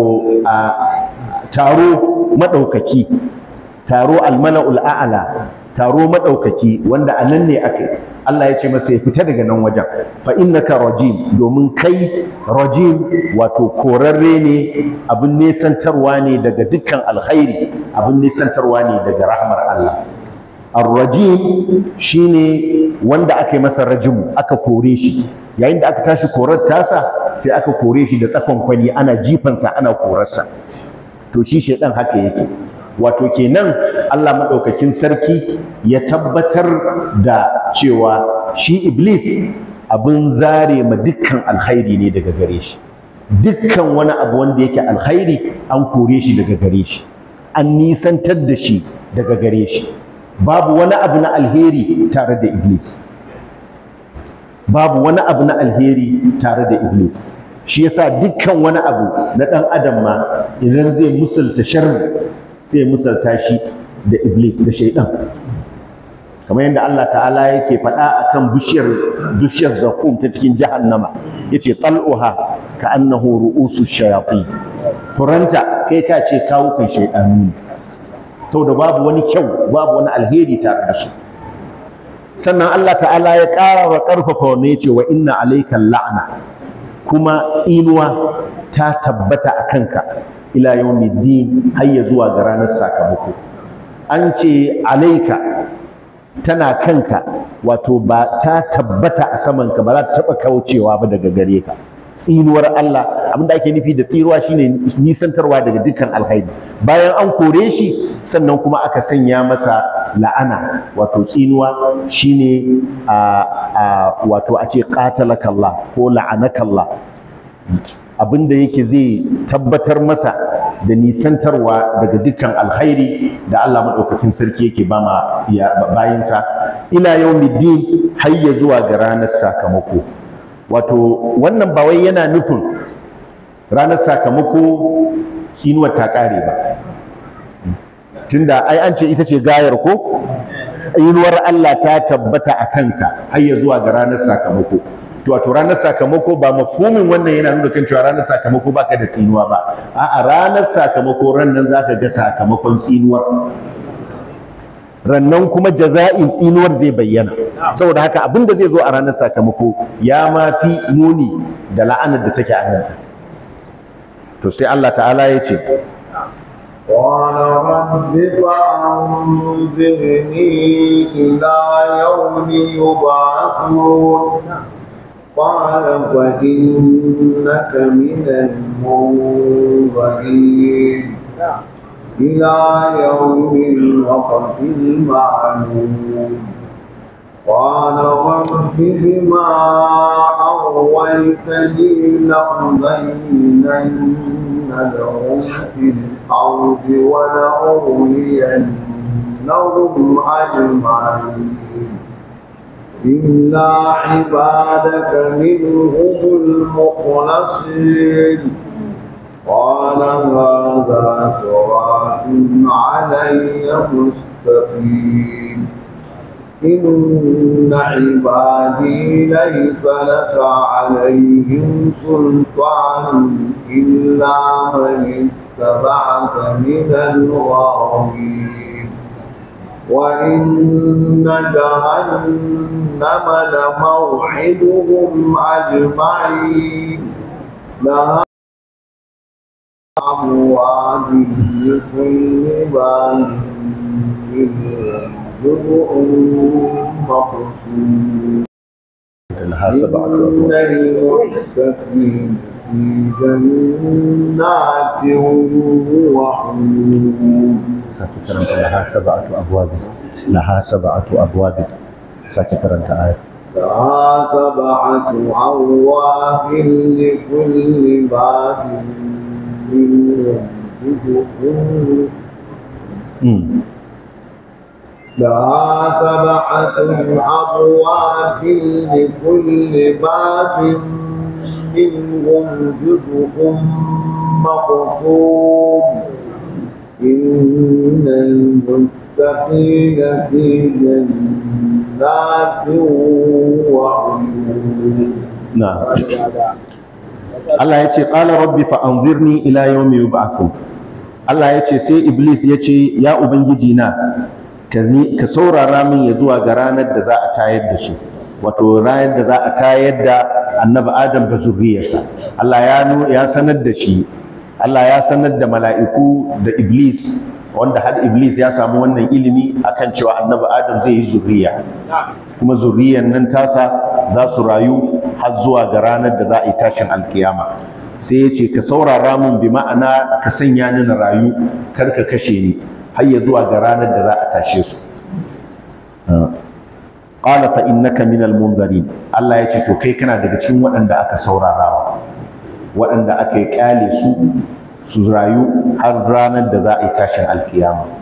taro taro maɗaukaki taro almala'ul a'ala taro maɗaukaki wanda a ne aka Allah ya ce masa ya fita daga nan wajen fa innaka rajim domin kai rajim wato korarre ne abin nesantarwa ne daga dukkan alkhairi abin nesantarwa ne daga rahmar Allah ar-rajim shine wanda aka masa rajim aka kore shi yayin da aka tashi korar tasa sai aka kore shi da tsakon kwani ana jifansa ana korarsa to shi shedan haka yake wato kenan Allah madaukakin sarki ya tabbatar da cewa shi iblis abin zare ma dukkan alkhairi ne daga gare shi dukkan wani abu wanda yake alkhairi an kore shi daga gare shi an nisantar da shi daga gare shi babu wani abu na alheri tare da iblis babu wani abu na alheri tare da iblis shi yasa dukkan wani abu na ɗan adam ma idan zai musulta sharri sai musulta shi da iblis da shaidan kamar yadda Allah ta'ala yake faɗa akan bishiyar bishiyar zakum ta cikin jahannama yace tal'uha ka annahu ru'usu shayatin furanta kai ka ce kawukan shaidanu ne da babu wani kyau babu wani alheri ta da su sannan Allah ta'ala ya ƙara wa ƙarfafa wa ne ce wa inna alaikan la'ana kuma tsinuwa ta tabbata a kanka ila yawmiddin har ya zuwa ga ranar sakamako an ce alaika tana kanka wato ba ta tabbata a samanka ba za ta taɓa kaucewa ba daga gare ka tsinuwar Allah abin da ake nufi da tsiruwa shine nisantarwa daga dukkan alkhairi bayan an kore shi sannan kuma aka sanya masa la'ana wato tsinuwa shine a wato a ce qatalakallah ko la'anakallah abin da yake zai tabbatar masa da nisantarwa daga dukkan alkhairi da Allah maɗaukakin sarki yake ba ma bayansa ila yau middin har ya zuwa ga ranar sakamako wato wannan ba wai yana nufin ranar sakamako tsinuwar ta kare ba tunda ai an ce ita ce gayar ko tsinuwar Allah ta tabbata a kanka har ya zuwa ga ranar sakamako to wato ranar sakamako ba mafhumin wannan yana nuna kan cewa ranar sakamako baka da tsinuwa ba a'a ranar sakamako ran nan zaka ga sakamakon tsinuwar rannan kuma jaza'in tsinuwar zai bayyana saboda haka abin da zai zo a ranar sakamako ya ma fi muni da la'anar da take a nan to sai Allah ta'ala ya ce قال رب فأنظرني إلى يوم يبعثون قال فإنك إلى يوم الوقت المعلوم قال رب بما أغويتني لأضلين لهم في الأرض ولأغوينهم أجمعين إلا عبادك منهم المخلصين قال هذا صراط علي مستقيم إن عبادي ليس لك عليهم سلطان إلا من اتبعك من الغاوين وإن جهنم لموعدهم أجمعين إنها سبعة أبواب في جنات لها سبعة أبواب لها سبعة أبواب ساكي تعالى آية لها سبعة أبواب لكل باب لها سبعة أبواب لكل باب منهم جزء مقصود إن المتقين في جنات وعيون نعم Allah ya ce ƙala rabbi fa zirni ila yau yawmi yub'athun Allah ya ce sai iblis ya ce ya ubangiji na ka saurara min ya zuwa ga ranar da za a tayar da su wato ranar da za a tayar da annabi adam da zurriyarsa. Allah ya sanar da shi Allah ya sanar da mala'iku da iblis wanda har iblis ya samu wannan ilimi akan cewa annabi adam zai yi zurriya. kuma zuriyar nan tasa za su rayu har zuwa ga ranar da za a yi tashin alkiyama sai ya ce ka saurara min bi ma'ana ka sanya ni na rayu kar ka kashe ni har ya zuwa ga ranar da za a tashe su qala fa innaka minal munzarin Allah ya ce to kai kana daga cikin waɗanda aka saurarawa waɗanda aka yi kyale su su rayu har ranar da za a yi tashin alkiyama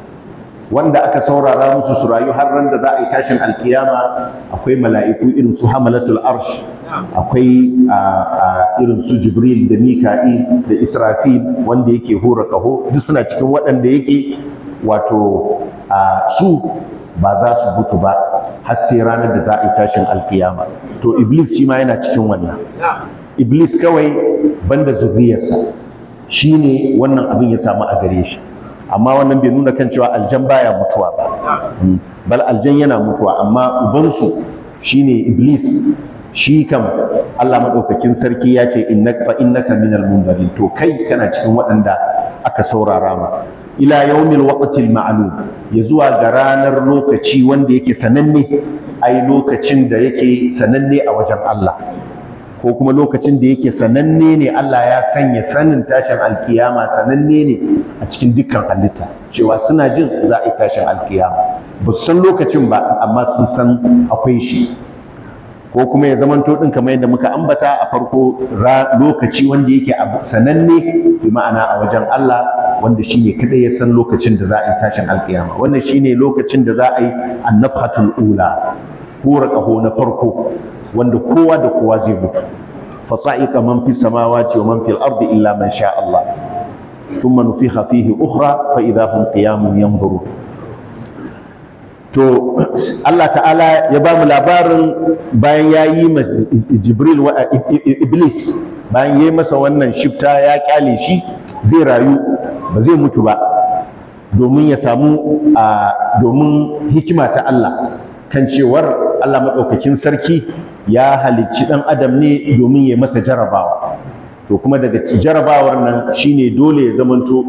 wanda aka saurara musu su rayu har ran da za a yi tashin alkiyama akwai mala'iku irin su hamalatul arsh akwai irin su jibril da mika'i da israfil wanda yake hura kaho duk suna cikin waɗanda yake wato su ba za su mutu ba har sai ranar da za a yi tashin alkiyama to iblis shi ma yana cikin wannan iblis kawai banda zuriyarsa shine wannan abin ya samu a gare shi amma wannan bai nuna kan cewa aljan baya mutuwa ba bal aljan yana mutuwa amma ubansu shine iblis shi kam Allah madaukakin sarki ya ce innaka fa innaka minal mundarin to kai kana cikin waɗanda aka saurara ma ila yaumil waqtil ma'lum ya zuwa ga ranar lokaci wanda yake sananne ai lokacin da yake sananne a wajen Allah ko kuma lokacin da yake sananne ne Allah ya sanya sanin tashin alkiyama sananne ne a cikin dukkan halitta cewa suna jin za a yi tashin alkiyama ba su san lokacin ba amma sun san akwai shi ko kuma ya zamanto din kamar yadda muka ambata a farko lokaci wanda yake sananne bi ma'ana a wajen Allah wanda shine kada ya san lokacin da za a yi tashin alkiyama wannan shine lokacin da za a yi annafhatul ula hura kaho na farko wanda kowa da kowa zai mutu fasa'ika man fi samawati wa man fil ardi illa man sha Allah thumma nufiha fihi ukhra fa idha hum qiyamun yanzurun to Allah ta'ala ya ba mu labarin bayan ya yi Jibril wa Iblis bayan ya yi masa wannan shifta ya kyale shi zai rayu ba zai mutu ba domin ya samu domin hikima ta Allah kan cewar Allah maɗaukakin sarki ya halicci ɗan adam ne domin ya masa jarabawa to kuma daga jarabawar nan shine dole ya zamanto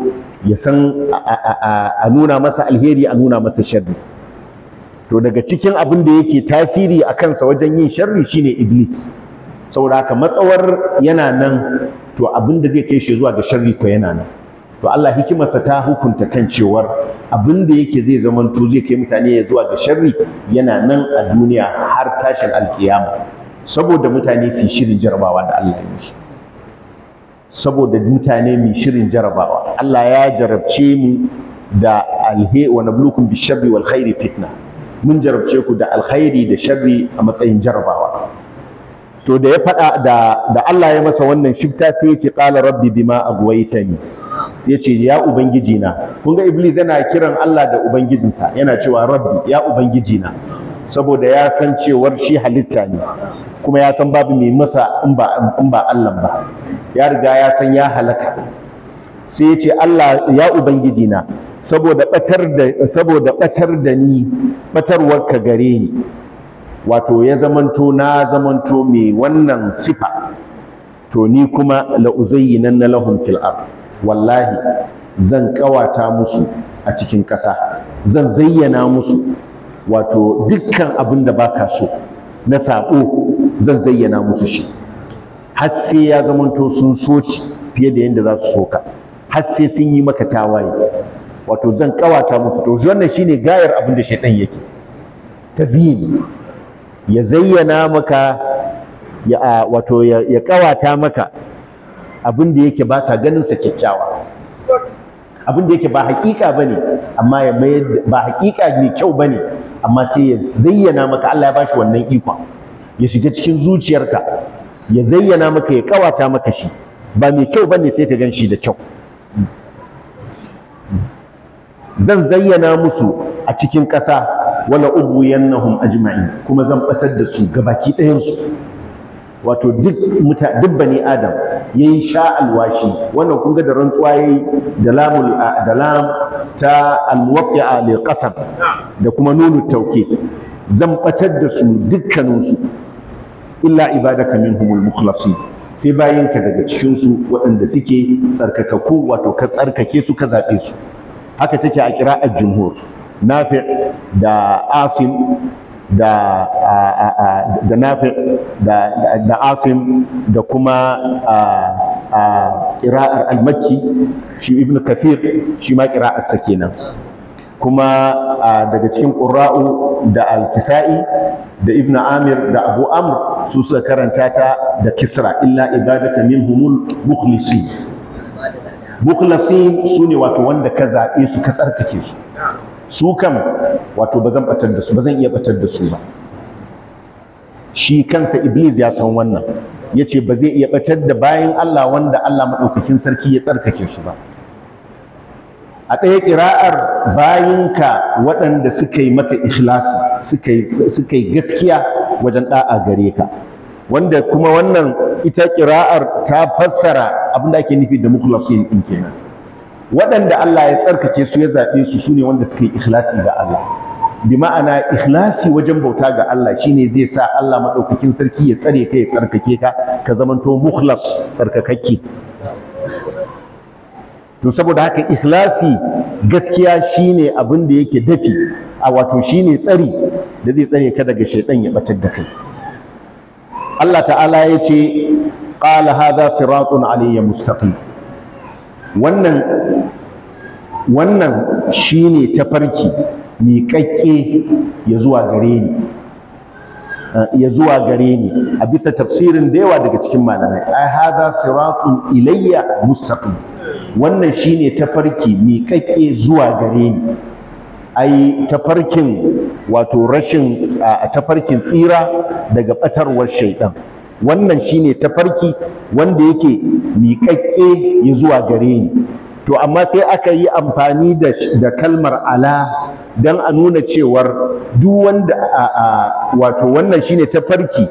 ya san a nuna masa alheri a nuna masa sharri to daga cikin abin da yake tasiri a kansa wajen yin sharri shine iblis saboda haka matsawar yana nan to abin da zai kai shi zuwa ga sharri ko yana nan to Allah hikimarsa ta hukunta kan cewar abin da yake zai zamanto zai kai mutane ya zuwa ga sharri yana nan a duniya har tashin alkiyama saboda mutane su shirin jarabawa da Allah ya musu saboda mutane mai shirin jarabawa Allah ya jarabce mu da alhe wa nablukum wal khairi fitna mun jarabce ku da alkhairi da sharri a matsayin jarabawa to da ya faɗa da Allah ya masa wannan shifta sai ya ce qala rabbi bima agwaytani sai ce ya ubangiji na kun ga iblis yana kiran Allah da ubangijinsa yana cewa rabbi ya ubangiji na saboda ya san cewar shi halitta ne kuma ya san babu mai masa in ba in ba Allah ba ya riga ya san ya halaka sai ya ce Allah ya ubangiji na saboda batar da saboda batar da ni batarwar ka gare ni wato ya zamanto na zamanto mai wannan sifa to ni kuma la uzayyinanna lahum fil ardh wallahi zan kawata musu a cikin ƙasa zan zayyana musu wato dukkan abin da baka so na saƙo zan zayyana musu shi har sai ya zamanto sun soci fiye da yadda za su soka har sai sun yi maka tawaye wato zan kawata musu to wannan shine gayar abin da shaitan yake tazyin ya zayyana maka ya wato ya kawata maka abin da yake ka ganin sa kyakkyawa abin da yake ba hakika bane amma ya mayar ba hakika ne kyau bane amma sai ya zayyana maka Allah ya bashi wannan ikon ya shiga cikin zuciyarka ya zayyana maka ya kawata maka shi ba mai kyau bane sai ka gan shi da kyau zan zayyana musu a cikin ƙasa wala ubuyannahum ajma'in kuma zan batar da su gabaki ɗayan su wato duk muta duk bani adam yayi sha alwashi wannan kun ga da rantsuwa yayi da lamul da lam ta almuwaqqi'a lil da kuma nunu tauke zan batar da su dukkanin illa ibada ibadaka minhumul mukhlasin sai bayanka daga cikin su waɗanda suke tsarkakaku wato ka tsarkake su ka zaɓe su haka take a kira a jumhur nafi da asim da da nafi da da asim da kuma ƙira'ar al-makki shi ibn kathir shi ma ƙira'arsa kenan kuma daga cikin ƙura'u da Alkisa'i da ibn amir da abu amr su suka karanta ta da kisra illa ibadaka minhumul mukhlisin mukhlisin su ne wato wanda ka zaɓe su ka tsarkake su su kam wato ba zan batar da su ba zan iya batar da su ba shi kansa iblis ya san wannan ya ce ba zai iya batar da bayan Allah wanda Allah maɗaukakin sarki ya tsarkake su ba a ɗaya ƙira'ar bayinka waɗanda suka yi maka ikhlasi suka yi gaskiya wajen ɗa'a gare ka wanda kuma wannan ita ƙira'ar ta fassara abin da ake nufi da mukhlasin ɗin kenan waɗanda Allah ya tsarkake su ya zaɓe su ne wanda suka yi ikhlasi ga Allah bi ma'ana ikhlasi wajen bauta ga Allah shine zai sa Allah maɗaukakin sarki ya tsare ka ya tsarkake ka ka zamanto mukhlas tsarkakakke to saboda haka ikhlasi gaskiya shine abin da yake dafi a wato shine tsari da zai tsare ka daga shaidan ya batar da kai Allah ta'ala ya ce qala hadha siratun alayya mustaqim wannan wannan shine tafarki miƙaƙƙe ya zuwa gare ni ah, ya zuwa gare ni a bisa tafsirin da yawa daga cikin malamai ai hadha siratun ilayya mustaqim wannan shine tafarki miƙaƙƙe zuwa gare ni ai tafarkin wato rashin ah, tafarkin tsira daga batarwar shaidan wannan shine farki wanda yake miƙaƙƙe ya zuwa gare ni to amma sai aka yi amfani da kalmar ala don a nuna cewar duk wanda wato wannan shine farki,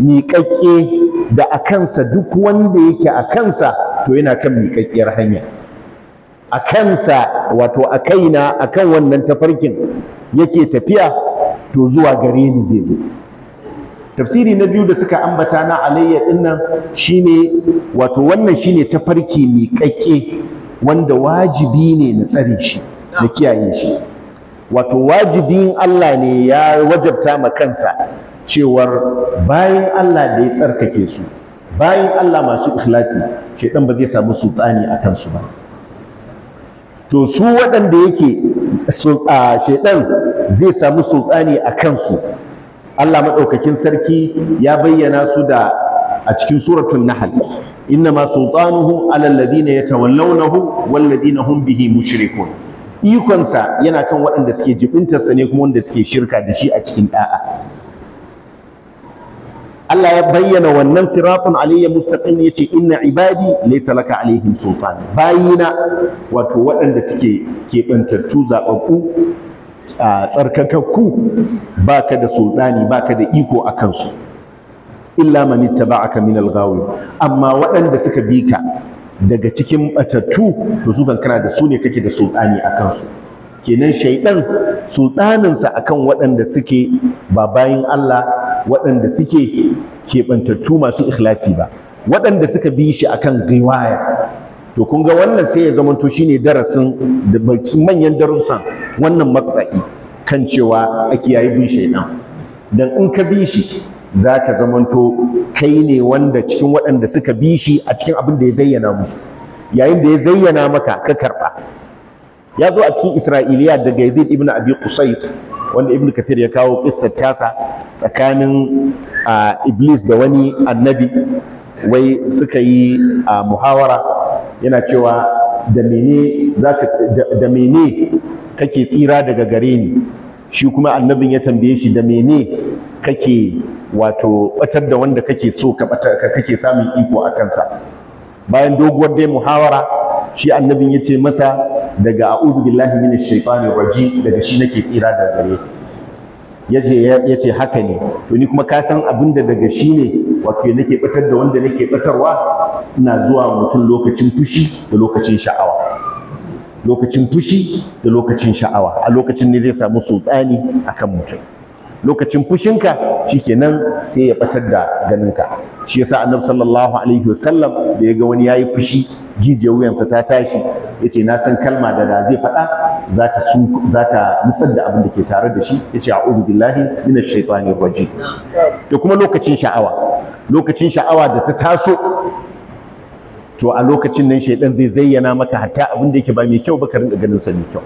miƙaƙƙe da a kansa duk wanda yake a kansa to yana kan miƙaƙƙiyar hanya a kansa wato a kaina a kan wannan tafarkin yake tafiya to zuwa gare ni zai zo tafsiri na biyu da suka ambata na alayya dinnan shine wato wannan shine tafarki miƙaƙƙe wanda wajibi ne na tsare shi na kiyaye shi wato wajibin Allah ne ya wajabta ma kansa cewar bayan Allah da ya tsarkake su bayan Allah masu ikhlasi shedan ba zai samu sultani a kansu ba to su waɗanda yake shedan zai samu sultani a kansu Allah maɗaukakin sarki ya bayyana su da a cikin suratun nahal ma sultanuhu ala ya yatawallawnahu wal ladina hum bihi mushrikun ikonsa yana kan waɗanda suke jibintarsa ne kuma wanda suke shirka da shi a cikin da'a Allah ya bayyana wannan siratun aliyya mustaqim yace inna ibadi laysa laka alaihim sultan bayina wato waɗanda suke bantattu zababbu tsarkakakku baka da sultani baka da iko a kansu illa manitta ba min al-ghawi amma waɗanda suka bi ka daga cikin batattu to su kan da su ne kake da sultani a kansu kenan shaidan sultaninsa akan waɗanda suke ba bayan Allah waɗanda suke keɓantattu masu ikhlasi ba waɗanda suka bi shi akan riwaya to kun ga wannan sai ya zamanto shine darasin da manyan darussan wannan matsayi kan cewa a kiyaye bin shaidan dan in ka bi shi za ka zamanto kai ne wanda cikin waɗanda suka bi shi a cikin abin da ya zayyana musu yayin da ya zayyana maka ka karɓa ya zo a cikin isra'iliya daga yazid ibn abi qusayt wanda ibn kathir ya kawo kissar tasa tsakanin iblis da wani annabi wai suka yi muhawara yana cewa da mene kake tsira daga gare ni shi kuma annabin ya tambaye shi da mene kake wato batar da wanda kake so kake samun iko a kansa bayan doguwar dai muhawara shi annabin ya ce masa daga a'udhu billahi minash shaitanir rajim daga shi nake tsira daga gare yace yace haka ne to ni kuma ka san abinda daga shi ne wato nake batar da wanda nake batarwa ina zuwa mutum lokacin fushi da lokacin sha'awa lokacin fushi da lokacin sha'awa a lokacin ne zai samu sultani akan mutum lokacin fushinka shikenan sai ya batar da ganinka shi yasa annabi sallallahu alaihi wasallam da ya ga wani yayi fushi jijiyar wuyansa ta tashi yace na san kalma da da zai faɗa za ta su za da abin da ke tare da shi yace a'udhu billahi minash shaitani rajim da kuma lokacin sha'awa lokacin sha'awa da ta taso to a lokacin nan shaidan zai zayyana maka hatta abin da yake ba mai kyau ba ka rinka ganin sa mai kyau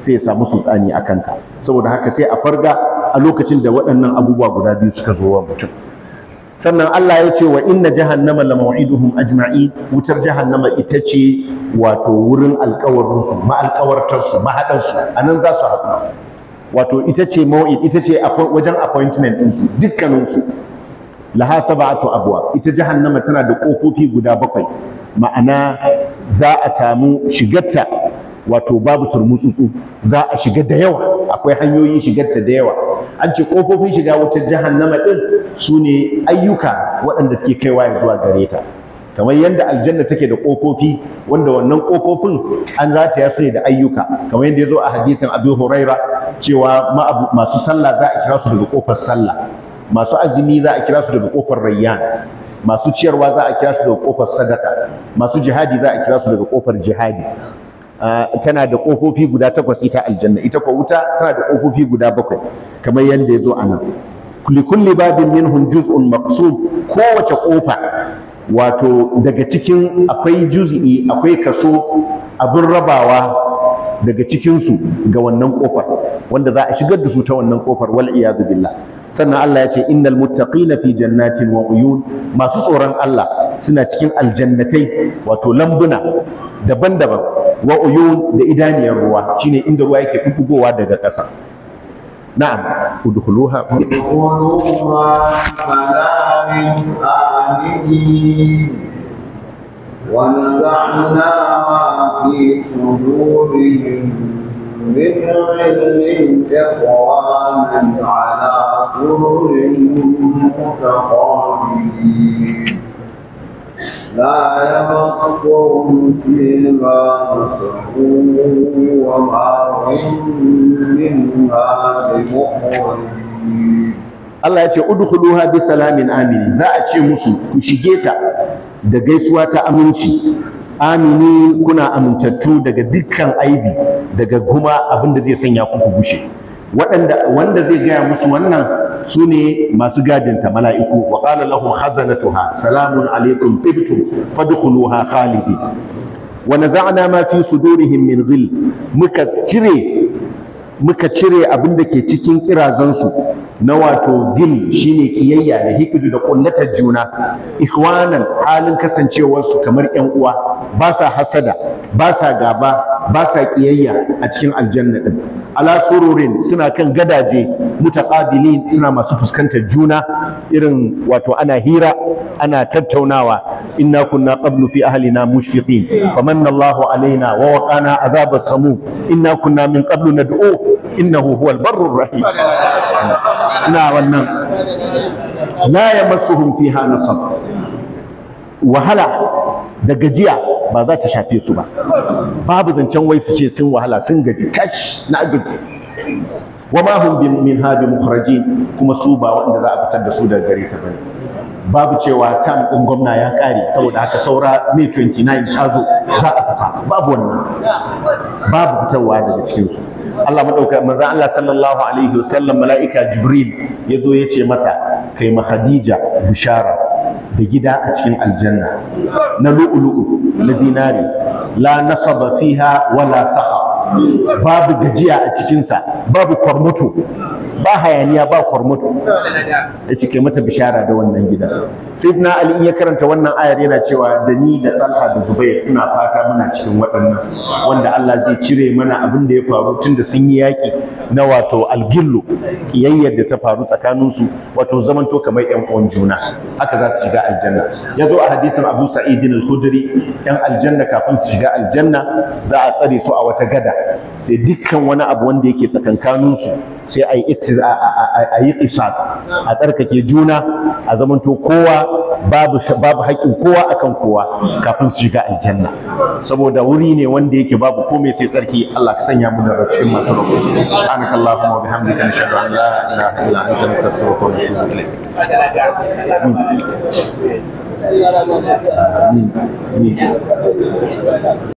sai ya samu sultani a kanka saboda haka sai a farga a lokacin da waɗannan abubuwa guda biyu suka zo wa mutum sannan Allah ya ce wa inna jahannama la maw'iduhum ajma'i wutar jahannama ita ce wato wurin alƙawarin su ma alƙawartar su ma mahadan su anan za su haɗu wato ita ce maw'id ita ce wajen appointment din su dukkanin su laha sab'atu abwa ita jahannama tana da kofofi guda bakwai ma'ana za a samu shigarta wato babu turmutsutsu za a shiga da yawa akwai hanyoyin shigarta da yawa an ce kofofin shiga wutar jahannama din ɗin sune ayyuka waɗanda suke kaiwa ya zuwa gare ta kamar yadda aljanna take da kofofi wanda wannan kofofin an zata su ne da ayyuka kamar yadda ya zo a hadisin abu huraira cewa masu sallah za a kira su daga kofar sallah masu azumi za a kira su daga kofar rayyan masu ciyarwa za a kira su daga kofar sadaka masu jihadi za a kira su daga kofar jihadi ah, tana da kofofi guda takwas ita aljanna ita ko wuta tana da kofofi guda bakwai kamar yadda ya zo a nan likulli babin minhum juz'un maqsud kowace kofa wato daga cikin akwai juz'i akwai kaso abin rabawa daga cikinsu ga wannan kofar wanda za a shigar da su ta wannan kofar wal iyadu billah sannan Allah ya ce innal muttaqina fi jannatin wa uyun masu tsoron Allah suna cikin aljannatai wato lambuna daban-daban wa uyun da idaniyar ruwa shine inda ruwa yake fuffugowa daga ƙasa na'am udkhuluha ونزعنا ما في صدورهم من غل إخوانا على سرر لا يمسهم فيها وما هم منها Allah ya ce udkhuluha bi salamin amini za a ce musu ku shige ta da gaisuwa ta aminci amini kuna amintattu daga dukkan aibi daga guma abinda zai sanya ku ku gushe waɗanda wanda zai gaya musu wannan su ne masu gadinta mala'iku wa ƙala lahum khazanatuha salamun alaikum tibtum fadkhuluha khalidi wa naza'na ma fi sudurihim min ghil muka cire muka cire abin da ke cikin kirazansu na wato gil shine kiyayya da hikidu da kullatar juna ikhwanan halin kasancewarsu kamar yan uwa ba sa hasada ba sa gaba ba sa kiyayya a cikin aljanna din ala sururin suna kan gadaje ƙabili, suna masu fuskantar juna irin wato ana hira ana tattaunawa inna kunna qablu fi ahlina mushfiqin famanna Allahu alaina wa waqana adhab as-samum inna kunna min qablu nad'u إنه هو البر الرحيم سنا ونا لا يمسهم فيها نصب وهلا دقجيا ما ذات شابي سبا باب ذن كان ويس شيء سن وهلا سن قجي كش نعبد وما هم من هذا مخرجين كما سوبا وإن ذا أبتد سودا قريتا babu cewa tam ɗin gwamna ya ƙare saboda haka saura mai 29 ta zo za a fita babu wannan babu fitarwa daga cikinsu Allah maɗauka maza Allah sallallahu alaihi wasallam mala'ika Jibril ya zo ya ce masa kai ma Khadija bishara da gida a cikin aljanna na lu'ulu'u na zinari la nasaba fiha wala saha babu gajiya a cikinsa babu kwarmuto ba hayaniya ba kwarmutu ya cike mata bishara da wannan gida sayyidina ali ya karanta wannan ayar yana cewa da ni da talha da zubair ina fata muna cikin waɗannan wanda Allah zai cire mana abin da ya faru tun da sun yi yaƙi na wato algillu ƙiyayyar da ta faru tsakanin su wato zamanto kamar ƴan uwan juna haka za su shiga aljanna ya zo a hadisin Abu Sa'idu al-Khudri ƴan aljanna kafin su shiga aljanna za a tsare su a wata gada sai dukkan wani abu wanda yake tsakankanin su sai ai ce a yi kisas a tsarkake juna a zamanto kowa babu babu haƙƙin kowa akan kowa kafin su shiga aljanna saboda wuri ne wanda yake babu komai sai tsarki Allah ka sanya mu daga cikin masu rabo subhanaka allahumma wa bihamdika nashhadu an la ilaha illa anta nastaghfiruka wa natubu